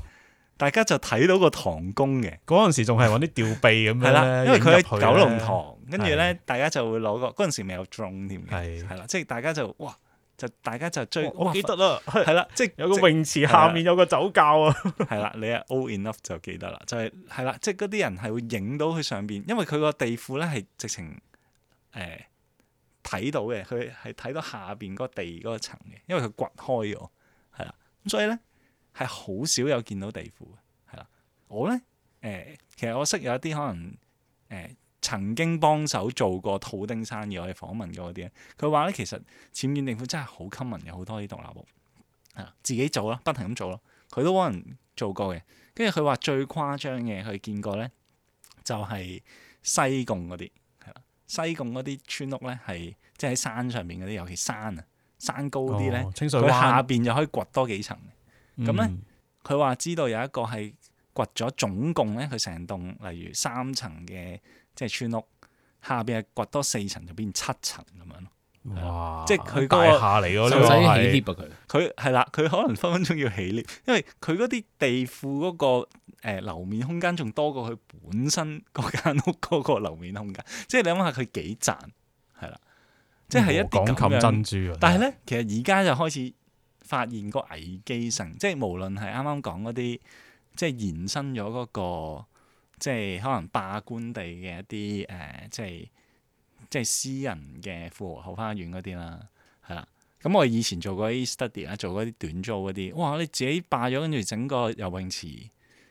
大家就睇到個唐宮嘅。嗰陣時仲係揾啲吊臂咁樣咧， 因為佢喺九龍塘，跟住咧大家就會攞個嗰陣時未有鐘添嘅，係啦，即係大家就哇！就大家就最，我、哦、哇記得啦，係啦嘿，了即係有個泳池下面了有個酒窖啊，了 啊，係啦，你係 old enough 就記得啦，就係係啦，即係嗰啲人係會影到佢上邊，因為佢個地庫咧係直情誒睇到嘅，佢係睇到下邊個地嗰個層嘅，因為佢掘開咗，係啦，咁所以咧係好少有見到地庫嘅，係啦，我咧誒、呃、其實我識有一啲可能誒。呃呃曾經幫手做過土丁生意，我哋訪問嘅嗰啲咧，佢話咧其實僭建政府真係好吸引，有好多啲獨立屋啊，自己做啦，不停咁做咯。佢都可能做過嘅。跟住佢話最誇張嘅，佢見過咧，就係西貢嗰啲，西貢嗰啲村屋咧係即係喺山上邊嗰啲，尤其山啊，山高啲咧，佢、哦、下邊就可以掘多幾層。咁咧，佢話、嗯、知道有一個係掘咗總共咧，佢成棟，例如三層嘅。即係村屋下邊係掘多四層就變成七層咁樣咯，哇！即係佢個大廈嚟嗰個，使起 lift 啊佢？佢係啦，佢可能分分鐘要起 lift，因為佢嗰啲地庫嗰、那個誒呃、樓面空間仲多過佢本身嗰間屋嗰個樓面空間，即係你諗下佢幾賺，係啦，嗯、即係一啲講冚珍珠，但係咧，其實而家就開始發現個危機性，即係無論係啱啱講嗰啲，即係延伸咗嗰、那個。即係可能霸官地嘅一啲誒、呃，即係即係私人嘅富豪後花園嗰啲啦，係啦。咁我以前做過啲 study 啦，做過啲短租嗰啲，哇！你自己霸咗，跟住整個游泳池，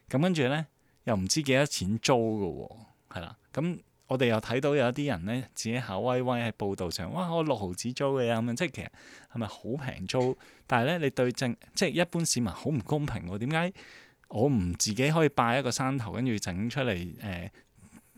咁跟住咧又唔知幾多錢租嘅喎，係啦。咁我哋又睇到有一啲人咧自己口威威喺報道上，哇！我六毫子租嘅咁樣，即係其實係咪好平租？但係咧你對正即係一般市民好唔公平喎？點解？我唔自己可以霸一個山頭，跟住整出嚟誒，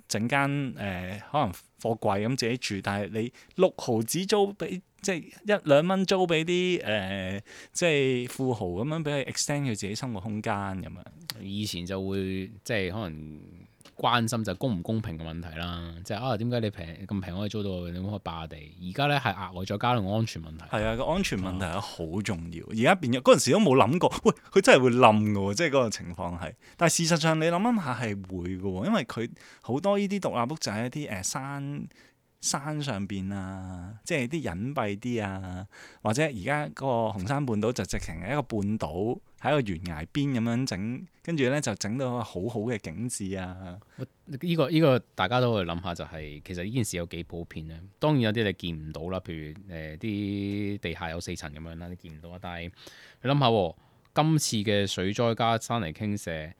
整間誒可能貨櫃咁自己住，但係你六毫子租俾，即係一兩蚊租俾啲誒，即係富豪咁樣俾佢 extend 佢自己生活空間咁樣。以前就會即係可能。關心就公唔公平嘅問題啦，即係啊點解你平咁平可以租到你咁嘅霸地？而家咧係額外再加個安全問題。係啊，個安全問題係好重要。而家變咗嗰陣時都冇諗過，喂佢真係會冧嘅喎，即係嗰個情況係。但係事實上你諗諗下係會嘅喎，因為佢好多呢啲獨立屋就係一啲誒山。山上邊啊，即係啲隱蔽啲啊，或者而家個紅山半島就直情係一個半島喺一個懸崖邊咁樣整，跟住呢，就整到好好嘅景緻啊！呢個、呢個大家都會諗下，就係其實呢件事有幾普遍咧。當然有啲你見唔到啦，譬如誒啲、呃、地下有四層咁樣啦，你見唔到啊。但係你諗下、哦，今次嘅水災加山泥傾瀉，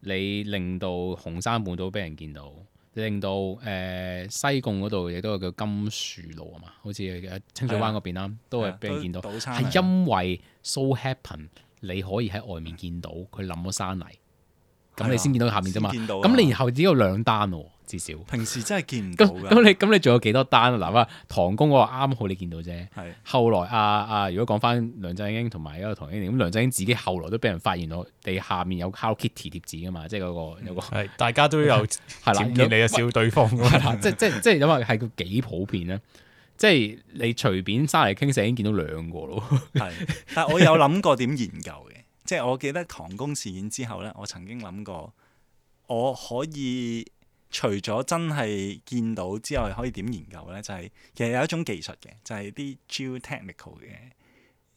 你令到紅山半島俾人見到？令到誒、呃、西貢嗰度亦都有叫金樹路啊嘛，好似誒清水灣嗰邊啦，的都係俾人見到。係因為 so happen，你可以喺外面見到佢冧咗山泥。咁你先見到下面啫嘛，咁你然後只有兩單喎、喔，至少。平時真係見唔到㗎。咁 你咁你做咗幾多單啊？嗱，唐公嗰個啱好你見到啫。係的。後來啊啊，如果講翻梁振英同埋一個唐英年，咁梁振英自己後來都俾人發現到你下面有 Hello Kitty 貼紙㗎嘛，即係嗰個有個、嗯。大家都有。係啦。見你又笑對方。 係、欸、啦， 即即即因為係個幾普遍咧，即係你隨便沙嚟傾瀉，已經見到兩個咯。但我有諗過點研究。 即係我記得唐宮事件之後呢，我曾經諗過，我可以除咗真係見到之外，可以點研究呢？就係其實有一種技術嘅，就係、是、啲 geotechnical 嘅、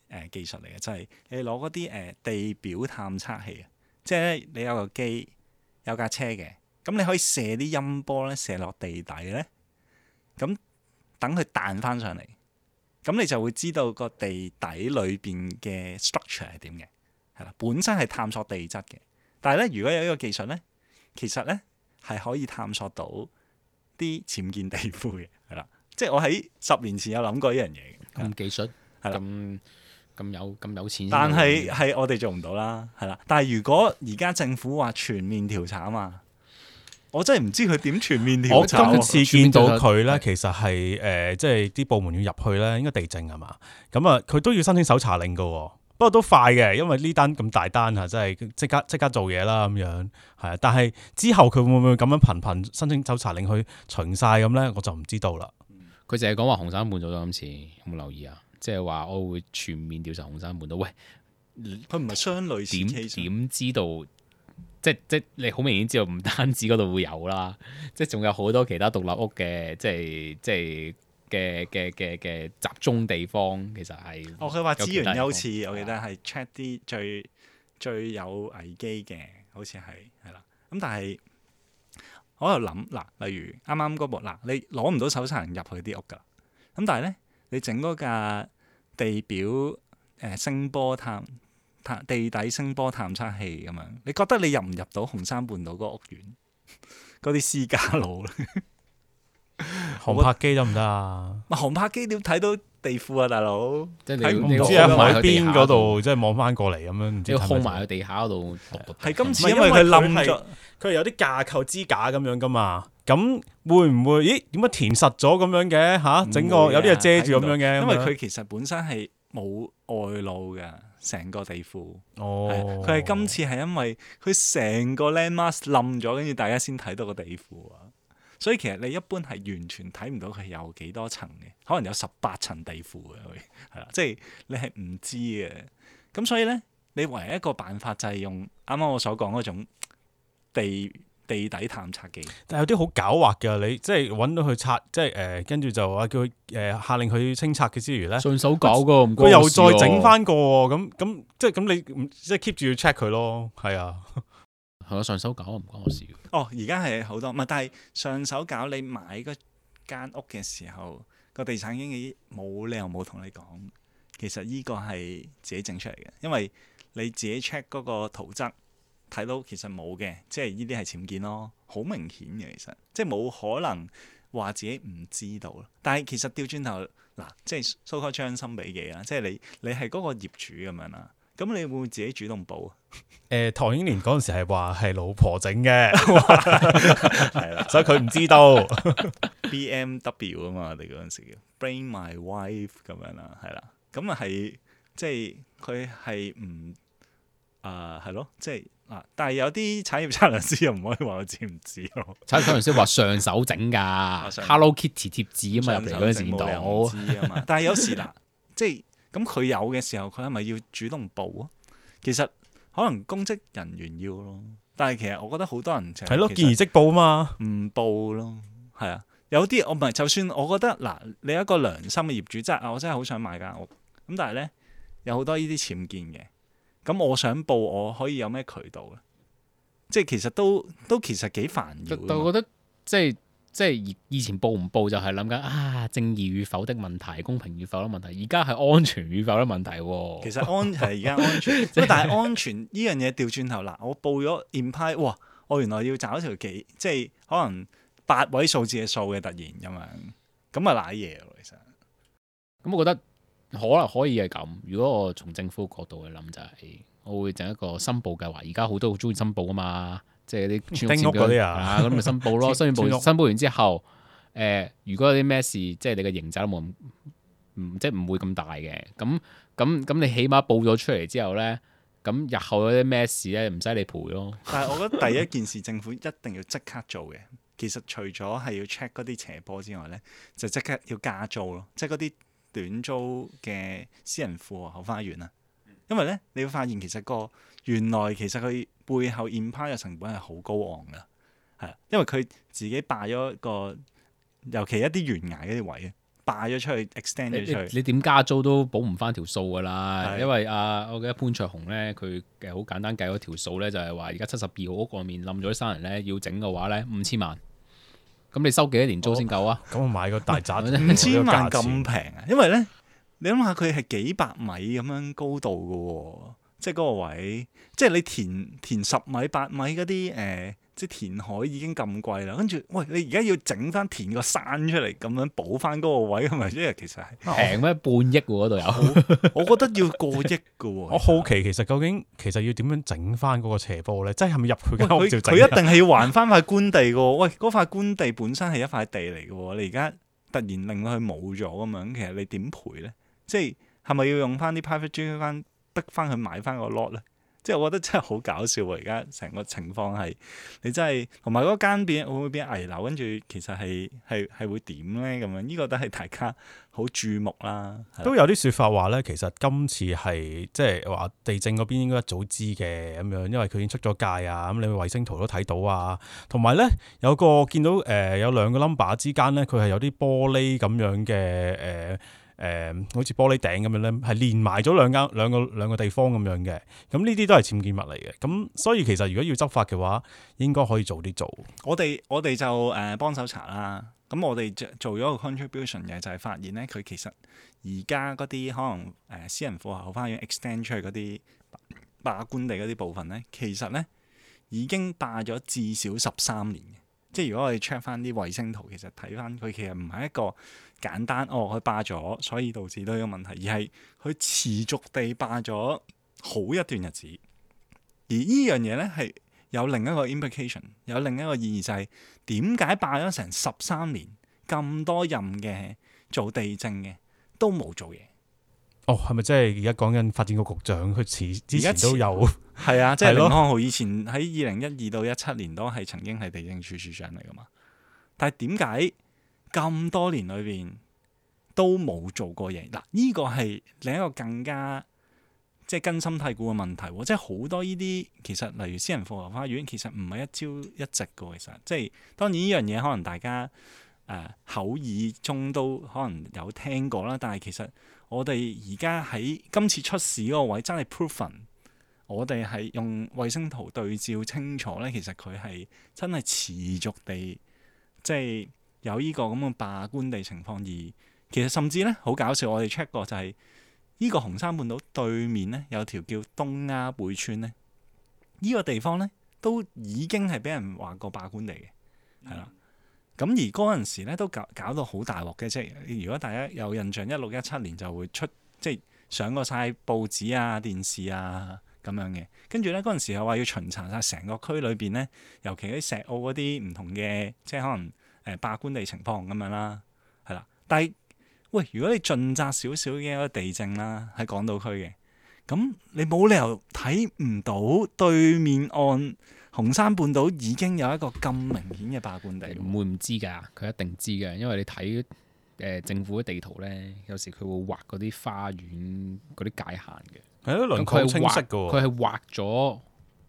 呃、技術嚟嘅，就係、是、你攞嗰啲誒地表探測器，即係咧你有個機有架車嘅，咁你可以射啲音波呢，射落地底呢，咁等佢彈翻上嚟，咁你就會知道個地底裏邊嘅 structure 係點嘅。本身係探索地質嘅，但係咧，如果有呢個技術咧，其實咧係可以探索到啲僭建地庫嘅，係啦，即係我喺十年前有諗過呢樣嘢，咁技術，咁咁有咁有錢，但係係我哋做唔到啦，係啦。但係如果而家政府話全面調查啊嘛，我真係唔知佢點全面調查。我今次見到佢咧，其實係誒，即係啲部門要入去咧，應該地政啊嘛，咁啊，佢都要申請搜查令噶。不過都快嘅，因為呢單咁大單啊，真係即刻即刻做嘢啦咁樣，係啊。但係之後佢會唔會咁樣頻頻申，申請搜查令去巡晒咁咧，我就唔知道啦。佢淨係講話紅山半島做咗今次，有冇留意啊？即係話我會全面調查紅山半島度，喂，佢唔係相類似點點知道？即即你好明顯知道，唔單止嗰度會有啦，即係仲有好多其他獨立屋嘅，即係即係。嘅嘅嘅嘅集中地方其實係，我佢話資源優次，我記得係 check 啲最的最有危機嘅，好似係係啦。咁但係我喺度諗嗱，例如啱啱嗰部嗱，你攞唔到手槍入去啲屋㗎。咁但係咧，你整嗰架地表誒聲波探、呃、探地底聲波探測器咁樣，你覺得你入唔入到紅山半島嗰屋苑嗰啲私家路咧？ 航拍機得唔得啊？航拍機點睇到地庫啊，大佬？唔知啊，埋喺邊嗰度，即係望翻過嚟咁樣，唔知。空埋喺地下嗰度，係今次因為佢冧咗，佢有啲架構支架咁樣噶嘛？咁會唔會？咦，點解填實咗咁樣嘅？吓，整個有啲係遮住咁樣嘅，因為佢其實本身係冇外露嘅成個地庫。哦，佢係今次係因為佢成個 landmass 冧咗，跟住大家先睇到個地庫啊。所以其實你一般係完全睇唔到佢有幾多層嘅，可能有十八層地庫嘅佢係啦，即係你係唔知嘅。咁所以咧，你唯一一個辦法就係用啱啱我所講嗰種地地底探測機。但係有啲好狡猾嘅，你即係揾到佢拆，即係誒，跟住、呃、就話叫佢誒、呃、下令佢清拆嘅之餘咧，順手搞個，佢又再整翻個喎。咁咁即係咁，你即係 keep 住要 check 佢咯。係啊。 係啊，上手搞唔關我事。哦，而家係好多，唔係，但係上手搞你買嗰間屋嘅時候，個地產經紀冇理由冇同你講，其實呢個係自己整出嚟嘅，因為你自己 check 嗰個圖則，睇到其實冇嘅，即係呢啲係僭建咯，好明顯嘅，其實即係冇可能話自己唔知道。但係其實掉轉頭嗱，即係蘇哥將心比己啦，即係你你係嗰個業主咁樣啦。咁你會唔會自己主動報啊？誒、呃，唐英年嗰陣時係話係老婆整嘅，係啦，所以佢唔知道 BMW 啊嘛，我哋嗰陣時叫 Bring My Wife 咁樣啦，係啦，咁啊係即係佢係唔啊係咯，即、就、係、是呃就是、啊，但係有啲產業測量師又唔可以話我知唔知咯？產業測量師話上手整㗎 ，Hello Kitty 貼紙啊嘛，入嚟嗰陣時唔到知嘛， 但係有時嗱，即係。咁佢有嘅時候，佢係咪要主動報啊？其實可能公職人員要咯，但係其實我覺得好多人成係咯，見而即報啊嘛，唔報咯，係啊，有啲我唔係，就算我覺得嗱，你有一個良心嘅業主，即係啊，我真係好想買間屋，咁但係咧有好多呢啲僭建嘅，咁我想報，我可以有咩渠道咧？即係其實都都其實幾煩擾，我覺得即係。即係以前報唔報就係諗緊啊，正義與否的問題、公平與否的問題，而家係安全與否的問題。其實安係而家安全，但係安全呢 樣嘢調轉頭啦，我報咗印派哇，我原來要找條幾即係可能八位數字嘅數嘅突然咁樣，咁啊瀨嘢喎其實。咁、嗯、我覺得可能可以係咁，如果我從政府角度去諗就係、是，我會整一個申報計劃。而家好多好中意申報啊嘛。即係啲住屋嗰啲啊，咁咪申報咯。雖然 申報完之後，誒、呃，如果有啲咩事，即係你嘅刑責冇即係唔會咁大嘅。咁咁咁，你起碼報咗出嚟之後咧，咁日後有啲咩事咧，唔使你賠咯。 但係我覺得第一件事政府一定要即刻做嘅，其實除咗係要 check 嗰啲斜坡之外咧，就即刻要加租咯，即係嗰啲短租嘅私人庫後花園啊。因為咧，你會發現其實、那個。原來其實佢背後 impact 嘅成本係好高昂嘅，係啊，因為佢自己霸咗一個，尤其一啲懸崖嗰啲位，霸咗出去 extend 出去。出去你點加租都補唔翻條數噶啦，的因為啊，我記得潘卓雄咧，佢嘅好簡單計咗條數咧，就係話而家七十二號屋外面冧咗啲山泥咧，要整嘅話咧，五千萬。咁你收幾多年租先夠啊？咁、哦、 我買個大宅五千萬咁平啊！ 因為咧，你諗下佢係幾百米咁樣高度嘅喎。即係嗰個位，即係你填填十米八米嗰啲誒，即係填海已經咁貴啦。跟住，喂，你而家要整翻填個山出嚟，咁樣補翻嗰個位，係咪？因為其實係平咩半億嗰度有 我，我覺得要過億嘅喎。 我好奇其實究竟其實要點樣整翻嗰個斜坡咧？即係係咪入去？佢一定係要還翻塊官地嘅喎。 喂，嗰塊官地本身係一塊地嚟嘅喎。你而家突然令到佢冇咗咁樣，其實你點賠咧？即係係咪要用翻啲 private junk 翻？得翻佢買翻個 lot 咧，即係我覺得真係好搞笑喎！而家成個情況係，你真係同埋嗰間變會唔會變危樓，跟住其實係係係會點咧？咁樣呢樣、呢個都係大家好注目啦。都有啲説法話咧，其實今次係即係話地政嗰邊應該一早知嘅咁樣，因為佢已經出咗界啊。咁你去衛星圖都睇到啊。同埋咧有個見到誒、呃、有兩個 number 之間咧，佢係有啲玻璃咁樣嘅誒。呃誒，好似、呃、玻璃頂咁樣咧，係連埋咗兩間兩個兩個,兩個地方咁樣嘅，咁呢啲都係僭建物嚟嘅。咁、嗯、所以其實如果要執法嘅話，應該可以早啲做。我哋我哋就誒、呃、幫手查啦。咁我哋做咗個 contribution 嘅，就係發現咧，佢其實而家嗰啲可能誒私人富豪花園 extend 出去嗰啲霸官地嗰啲部分咧，其實咧已經霸咗至少十三年。即係如果我哋 check 翻啲衛星圖，其實睇翻佢其實唔係一個簡單哦，佢霸咗，所以導致到呢個問題，而係佢持續地霸咗好一段日子。而呢樣嘢呢，係有另一個 implication，有另一個意義，就係點解霸咗成十三年咁多任嘅做地政嘅都冇做嘢？哦，係咪即係而家講緊發展局局長，佢前之前都有？係啊，即係林康豪，以前喺二零一二到一七年都係曾經係地政署署長嚟噶嘛。但係點解咁多年裏邊都冇做過嘢？嗱，呢個係另一個更加即係根深蒂固嘅問題。即係好多呢啲，其實例如私人富豪花園，其實唔係一朝一夕噶。其實即係當然呢樣嘢，可能大家誒、呃、口耳中都可能有聽過啦。但係其實我哋而家喺今次出事嗰個位，真係 proven。我哋係用衛星圖對照清楚呢，其實佢係真係持續地即係、就是、有呢個咁嘅霸官地情況。而其實甚至呢，好搞笑，我哋 check 過就係、是、呢、呢個紅山半島對面呢，有條叫東丫背村呢呢、呢個地方呢，都已經係俾人話過霸官地嘅，係啦。咁、嗯、而嗰陣時呢都搞搞到好大鑊嘅，即係如果大家有印象，一六一七年就會出即係上過晒報紙啊、電視啊。咁樣嘅，跟住咧嗰陣時又話要巡查晒成個區裏邊咧，尤其喺石澳嗰啲唔同嘅，即係可能誒、呃、霸官地情況咁樣啦，係啦。但係喂，如果你盡責少少嘅地政啦，喺港島區嘅，咁你冇理由睇唔到對面岸紅山半島已經有一個咁明顯嘅霸官地。唔會唔知㗎，佢一定知㗎，因為你睇誒、呃、政府嘅地圖咧，有時佢會畫嗰啲花園嗰啲界限嘅。佢係畫，佢係畫咗，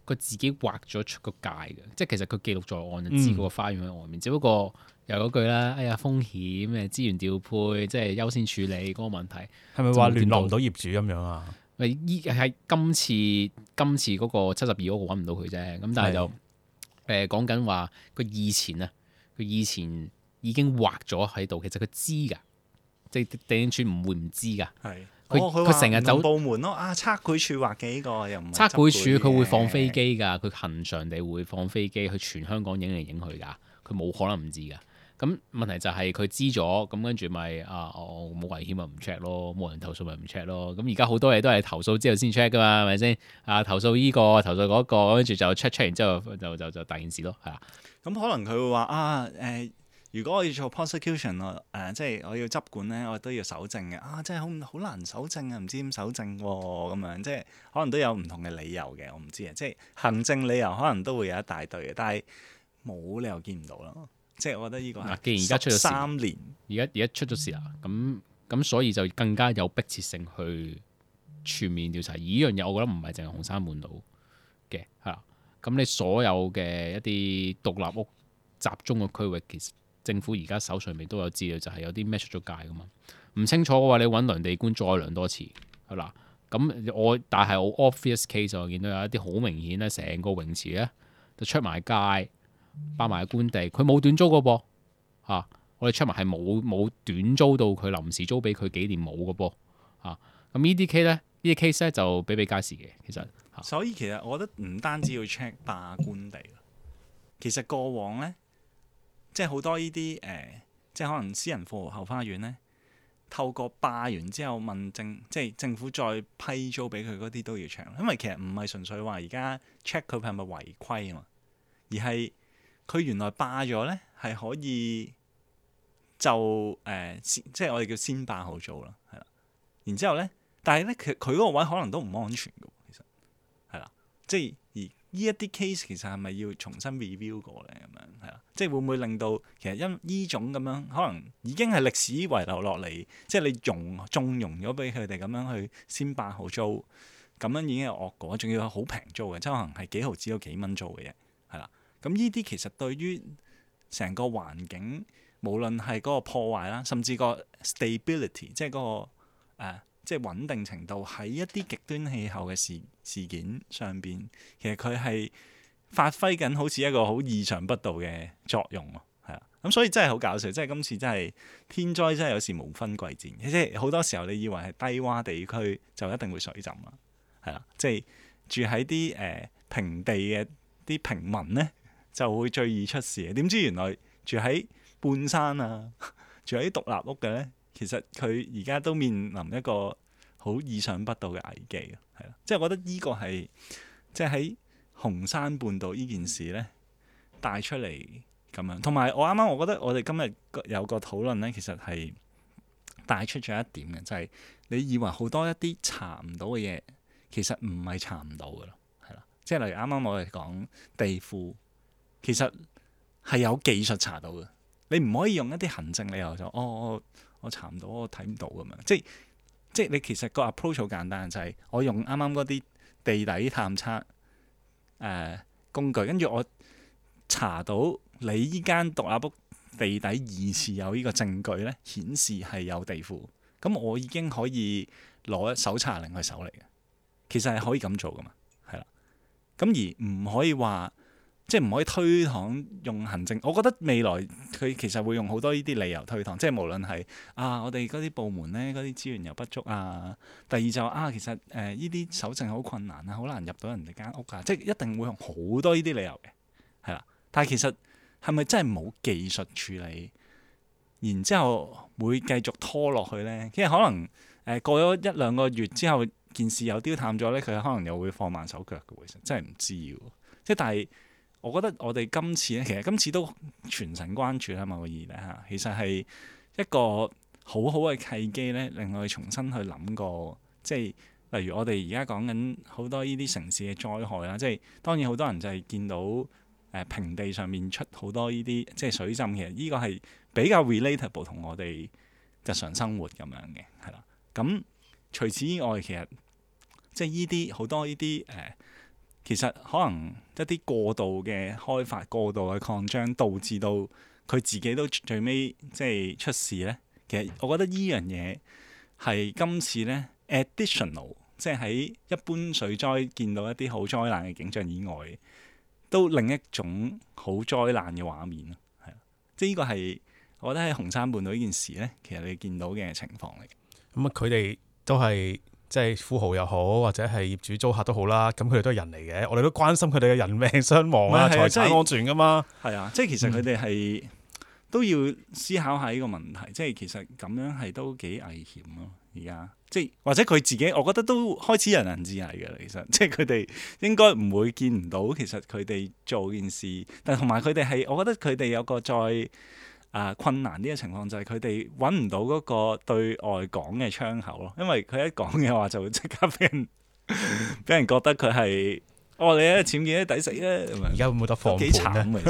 佢自己畫咗出個界嘅，即係其實佢記錄在案就知嗰個花園喺外面，嗯、只不過又句啦，哎呀風險嘅資源調配，即係優先處理嗰個問題，係咪話聯絡唔到業主咁樣啊？依係、啊、今次今次嗰個七十二嗰個揾唔到佢啫，咁但係就誒講緊話佢以前啊，佢以前已經畫咗喺度，其實佢知噶，即係地政處唔會唔知噶。佢成日走部門咯，啊測繪處畫嘅呢個又唔係測繪處，佢會放飛機㗎，佢恒常地會放飛機去全香港影嚟影去㗎，佢冇可能唔知㗎。咁、嗯、問題就係佢知咗，咁跟住咪啊，我、哦、冇危險咪唔 check 咯，冇人投訴咪唔 check 咯。咁而家好多嘢都係投訴之後先 check 㗎嘛，係咪先？啊，投訴呢、呢個，投訴嗰、嗰個，跟住就 check check，然之後就就就，就大件事咯，係、嗯、啊。咁可能佢會話啊誒。如果我要做 prosecution，我、啊、即係我要執管咧，我都要守證嘅啊！即係好好難守證啊，唔知點守證喎咁樣，即係可能都有唔同嘅理由嘅。我唔知啊，即係行政理由可能都會有一大堆嘅，但係冇理由見唔到咯。即係我覺得呢個、啊、既然而家出咗三年，而家而家出咗事啦，咁咁所以就更加有迫切性去全面調查。呢依樣嘢，我覺得唔係淨係紅山半島嘅嚇。咁你所有嘅一啲獨立屋集中嘅區域，其實～政府而家手上面都有資料，就係有啲咩出咗界噶嘛？唔清楚嘅話，你揾量地官再量多次係啦。咁我但係我 obvious case 我見到有一啲好明顯咧，成個泳池咧就出埋街，霸埋官地，佢冇短租個噃嚇。我哋出埋係冇冇短租到佢，臨時租俾佢幾年冇個噃嚇。咁呢啲 case 咧呢啲 case 咧就比比皆是嘅，其實。所以其實我覺得唔單止要 check 霸官地，其實過往咧。即係好多呢啲誒，即係可能私人富豪後花園呢，透過霸完之後問政，民政即係政府再批租俾佢嗰啲都要長，因為其實唔係純粹話而家 check 佢係咪違規啊嘛，而係佢原來霸咗呢，係可以就誒、呃、即係我哋叫先霸後租啦，係啦。然之後呢，但係呢，佢佢嗰個位可能都唔安全噶，其實係啦，即係。呢一啲 case 其實係咪要重新 review 過咧？咁樣係啦，即係會唔會令到其實因依種咁樣可能已經係歷史遺留落嚟，即係你容縱容咗俾佢哋咁樣去先八毫租，咁樣已經係惡果，仲要係好平租嘅，即係可能係幾毫紙到幾蚊租嘅啫，係啦。咁呢啲其實對於成個環境，無論係嗰個破壞啦，甚至個 stability，即係嗰個誒即係穩定程度喺一啲極端氣候嘅事事件上邊，其實佢係發揮緊好似一個好意想不到嘅作用咯，係啊，咁所以真係好搞笑，即係今次真係天災真係有時無分貴賤，即係好多時候你以為係低窪地區就一定會水浸啦，係啦，即係住喺啲誒平地嘅啲平民呢，就會最易出事，點知原來住喺半山啊，住喺啲獨立屋嘅咧。其實佢而家都面臨一個好意想不到嘅危機，係啦，即係我覺得呢個係即係喺紅山半島呢件事咧帶出嚟咁樣。同埋我啱啱我覺得我哋今日有個討論咧，其實係帶出咗一點嘅，就係你以為好多一啲查唔到嘅嘢，其實唔係查唔到噶咯，係啦，即係例如啱啱我哋講地庫，其實係有技術查到嘅，你唔可以用一啲行政理由就哦。我查唔到，我睇唔到㗎嘛。即係即係你其實個 approach 好簡單，就係、是、我用啱啱嗰啲地底探測誒、呃、工具，跟住我查到你依間獨立屋地底疑似有呢個證據咧，顯示係有地庫咁，我已經可以攞一搜查令去搜嚟嘅。其實係可以咁做噶嘛，係啦。咁而唔可以話。即係唔可以推搪用行政，我覺得未來佢其實會用好多呢啲理由推搪，即係無論係啊，我哋嗰啲部門呢，嗰啲資源又不足啊。第二就係、啊，其實誒呢啲搜證好困難啊，好難入到人哋間屋㗎、啊，即係一定會用好多呢啲理由嘅，係啦。但係其實係咪真係冇技術處理，然之後會繼續拖落去呢？因為可能誒、呃、過咗一兩個月之後，件事又丟淡咗呢，佢可能又會放慢手腳嘅，其實真係唔知嘅。即係但係。我覺得我哋今次咧，其實今次都全神關注啦，某個意義咧嚇。其實係一個好好嘅契機咧，令我哋重新去諗過，即係例如我哋而家講緊好多呢啲城市嘅災害啦。即係當然好多人就係見到誒、呃、平地上面出好多呢啲，即係水浸。其實呢個係比較 relatable 同我哋日常生活咁樣嘅，係啦。咁除此以外，其實即係呢啲好多呢啲誒，其實可能。一啲過度嘅開發、過度嘅擴張，導致到佢自己都最尾即係出事呢。其實我覺得呢樣嘢係今次呢 additional 即係喺一般水災見到一啲好災難嘅景象以外，都另一種好災難嘅畫面咯。係啦，即係依個係我覺得喺紅山半島呢件事呢，其實你見到嘅情況嚟。咁啊，佢哋都係。即係富豪又好，或者係業主租客好都好啦，咁佢哋都係人嚟嘅，我哋都關心佢哋嘅人命傷亡啊、財產安全噶嘛。係啊，即係其實佢哋係都要思考下呢個問題，嗯、即係其實咁樣係都幾危險咯、啊。而家即係或者佢自己，我覺得都開始人人自危嘅啦。其實即係佢哋應該唔會見唔到，其實佢哋做件事，但同埋佢哋係，我覺得佢哋有個再。啊，困難啲嘅情況就係佢哋揾唔到嗰個對外講嘅窗口咯，因為佢一講嘅話就會即刻俾人俾、嗯、人覺得佢係我哋咧僭建咧抵死咧、啊。而家冇得放盤咧，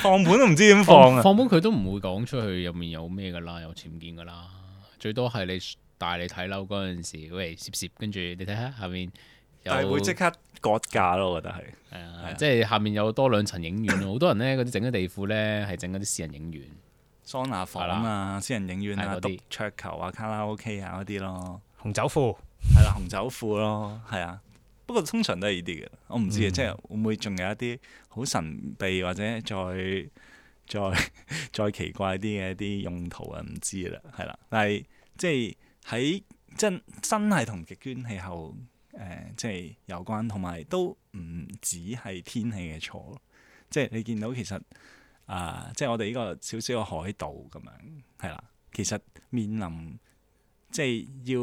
放盤都唔知點放啊！放盤佢都唔會講出去入面有咩噶啦，有僭建噶啦，最多係你帶你睇樓嗰陣時，喂，攝攝，跟住你睇下下面，但會即刻割價咯，我覺得係，即係下面有多兩層影院，好 多人呢，嗰啲整啲地庫呢，係整嗰啲私人影院。桑拿房啊、的私人影院啊、的桌球啊、些卡拉 OK 啊嗰啲咯，紅酒褲，紅酒庫係啦，紅酒庫咯，係啊。不過通常都係呢啲嘅，我唔知啊，嗯、即係會唔會仲有一啲好神秘或者再再再奇怪啲嘅一啲用途啊？唔知啦，係啦。但係即係喺真真係同極端氣候誒，即係、呃、有關，同埋都唔止係天氣嘅錯，即係你見到其實。啊，即係我哋呢個小小嘅海島咁樣，係啦。其實面臨即係要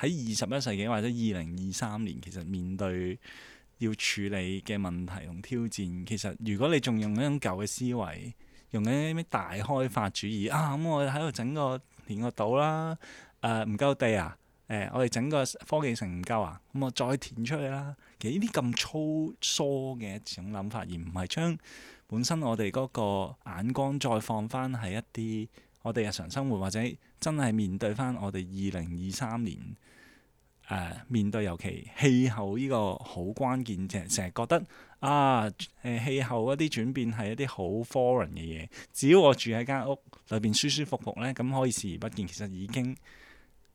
喺二十一世紀或者二零二三年，其實面對要處理嘅問題同挑戰，其實如果你仲用一種舊嘅思維，用緊啲咩大開發主義啊，咁、嗯、我喺度整個填個島啦，誒、呃、唔夠地啊，誒、呃、我哋整個科技城唔夠啊，咁、嗯、我再填出去啦。其實呢啲咁粗疏嘅一種諗法，而唔係將。本身我哋嗰個眼光再放翻喺一啲我哋日常生活，或者真係面對翻我哋二零二三年誒、呃、面對尤其氣候呢個好關鍵，係成日覺得啊誒、呃、氣候一啲轉變係一啲好 foreign 嘅嘢。只要我住喺間屋裏邊舒舒服服咧，咁可以視而不見，其實已經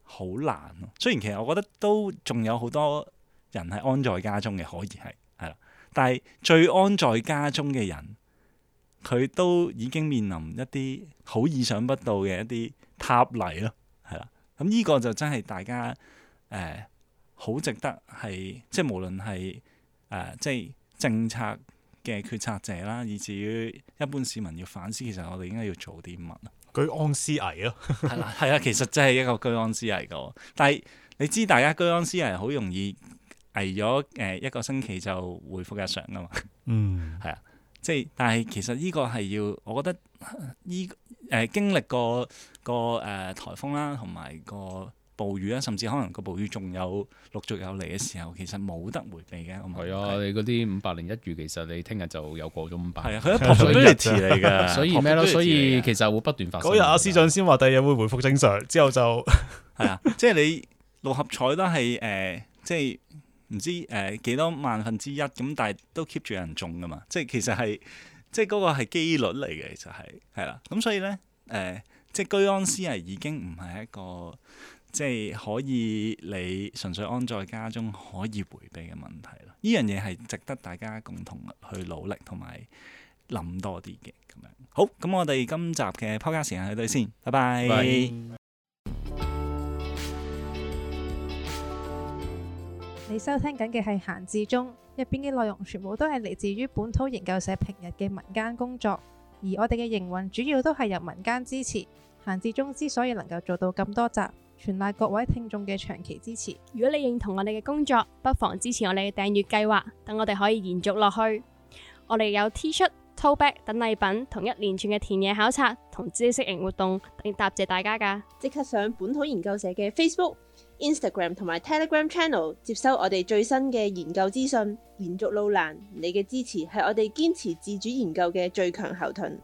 好難咯。雖然其實我覺得都仲有好多人係安在家中嘅，可以係係，啦，但係最安在家中嘅人。佢都已經面臨一啲好意想不到嘅一啲塌泥咯、啊，係啦。咁、這、呢個就真係大家誒好、呃、值得係，即係無論係誒即係政策嘅決策者啦，以至於一般市民要反思，其實我哋應該要做啲乜？居安思危咯、啊，係 啦，係啊，其實真係一個居安思危嘅。但係你知大家居安思危好容易危咗誒、呃、一個星期就回復日常噶嘛？嗯，係啊。即係，但係其實呢個係要，我覺得依誒、啊、經歷過個誒、呃、颱風啦，同埋個暴雨啦，甚至可能個暴雨仲有陸續有嚟嘅時候，其實冇得回避嘅。係啊、嗯，你嗰啲五百年一遇，其實你聽日就又過咗五百。係以啊，佢係 probability 嚟嘅。所以咩咯？所以其實會不斷發生。嗰日阿司長先話第日會回復正常，之後就係啊的，即係、 就是、你六合彩都係誒，即、呃、係。就是唔知誒幾、呃、多萬分之一咁，但係都 keep 住有人中㗎嘛，即係其實係即係嗰個係機率嚟嘅，其實係係啦。咁所以咧誒、呃，即係居安思危已經唔係一個即係可以你純粹安在家中可以迴避嘅問題。呢樣嘢係值得大家共同去努力同埋諗多啲嘅咁樣。好，咁我哋今集嘅 Podcast 時間去到先，拜拜。你收聽緊嘅係《閒置中》，入邊嘅內容全部都係嚟自於本土研究社平日嘅民間工作，而我哋嘅營運主要都係由民間支持。《閒置中》之所以能夠做到咁多集，全賴各位聽眾嘅長期支持。如果你認同我哋嘅工作，不妨支持我哋嘅訂閱計劃，等我哋可以延續落去。我哋有 T 恤、Tote Bag 等禮品，同一連串嘅田野考察同知識型活動，並答謝大家㗎。即刻上本土研究社嘅 Facebook。Instagram 同埋 Telegram Channel 接收我哋最新嘅研究資訊，延續路難，你嘅支持係我哋堅持自主研究嘅最強後盾。